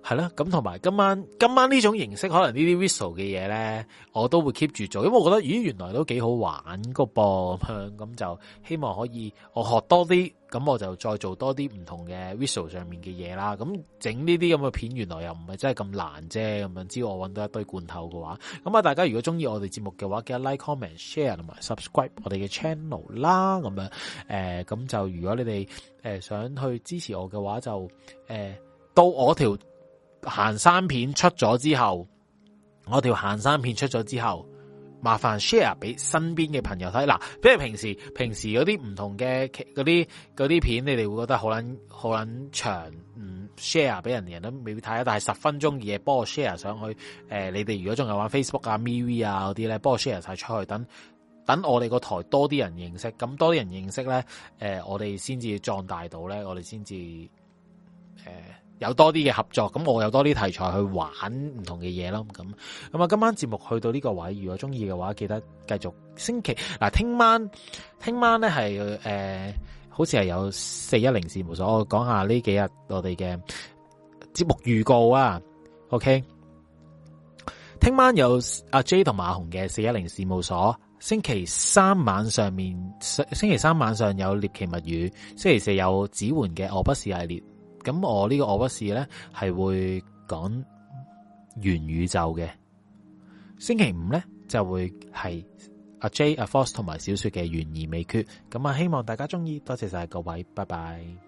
係啦，咁同埋今晚今晚呢種形式，可能呢啲 whistle 嘅嘢咧，我都會 keep 住做，因為我覺得咦，原來都幾好玩個噃，咁咁就希望可以我學多啲，咁我就再做多啲唔同嘅 whistle 上面嘅嘢啦。咁整呢啲咁嘅片，原來又唔係真係咁難啫，咁樣。只要我揾到一堆罐頭嘅話，咁啊，大家如果中意我哋節目嘅話，記得 like、comment、share 同埋 subscribe 我哋嘅 channel 啦。咁樣，誒、呃，咁就如果你哋誒、呃、想去支持我嘅話就，就、呃、誒到我條。行山片出咗之後，我條行山片出咗之後，麻煩 share 俾身邊嘅朋友睇。嗱、啊，比如平時平時嗰啲唔同嘅嗰啲嗰啲片，你哋會覺得好捻好捻長，唔 share 俾人人都未必睇。但係十分鐘嘢，幫我 share 上去。誒、呃，你哋如果仲係玩 Facebook 啊、MV 啊嗰啲咧，幫我 share 晒出去，等等我哋個台多啲人認識，咁多啲人認識咧，誒、呃，我哋先至壯大到咧，我哋先至誒。呃有多啲嘅合作，咁我有多啲題材去玩唔同嘅嘢咯。咁咁啊，今晚節目去到呢個位，如果中意嘅話，記得繼續。星期嗱，聽晚聽晚咧，係誒，好似係有四一零事務所，我講下呢幾日我哋嘅節目預告啊。OK，聽晚有阿 J 同阿紅嘅四一零事務所。星期三晚上面，星期三晚上有獵奇物語，星期四有指桓嘅我不是系列。咁我呢個我不是咧係會講元宇宙嘅，星期五咧就會係阿 Jay 阿 Force 同埋小說嘅懸疑未決，咁啊希望大家鍾意，多謝晒各位，拜拜。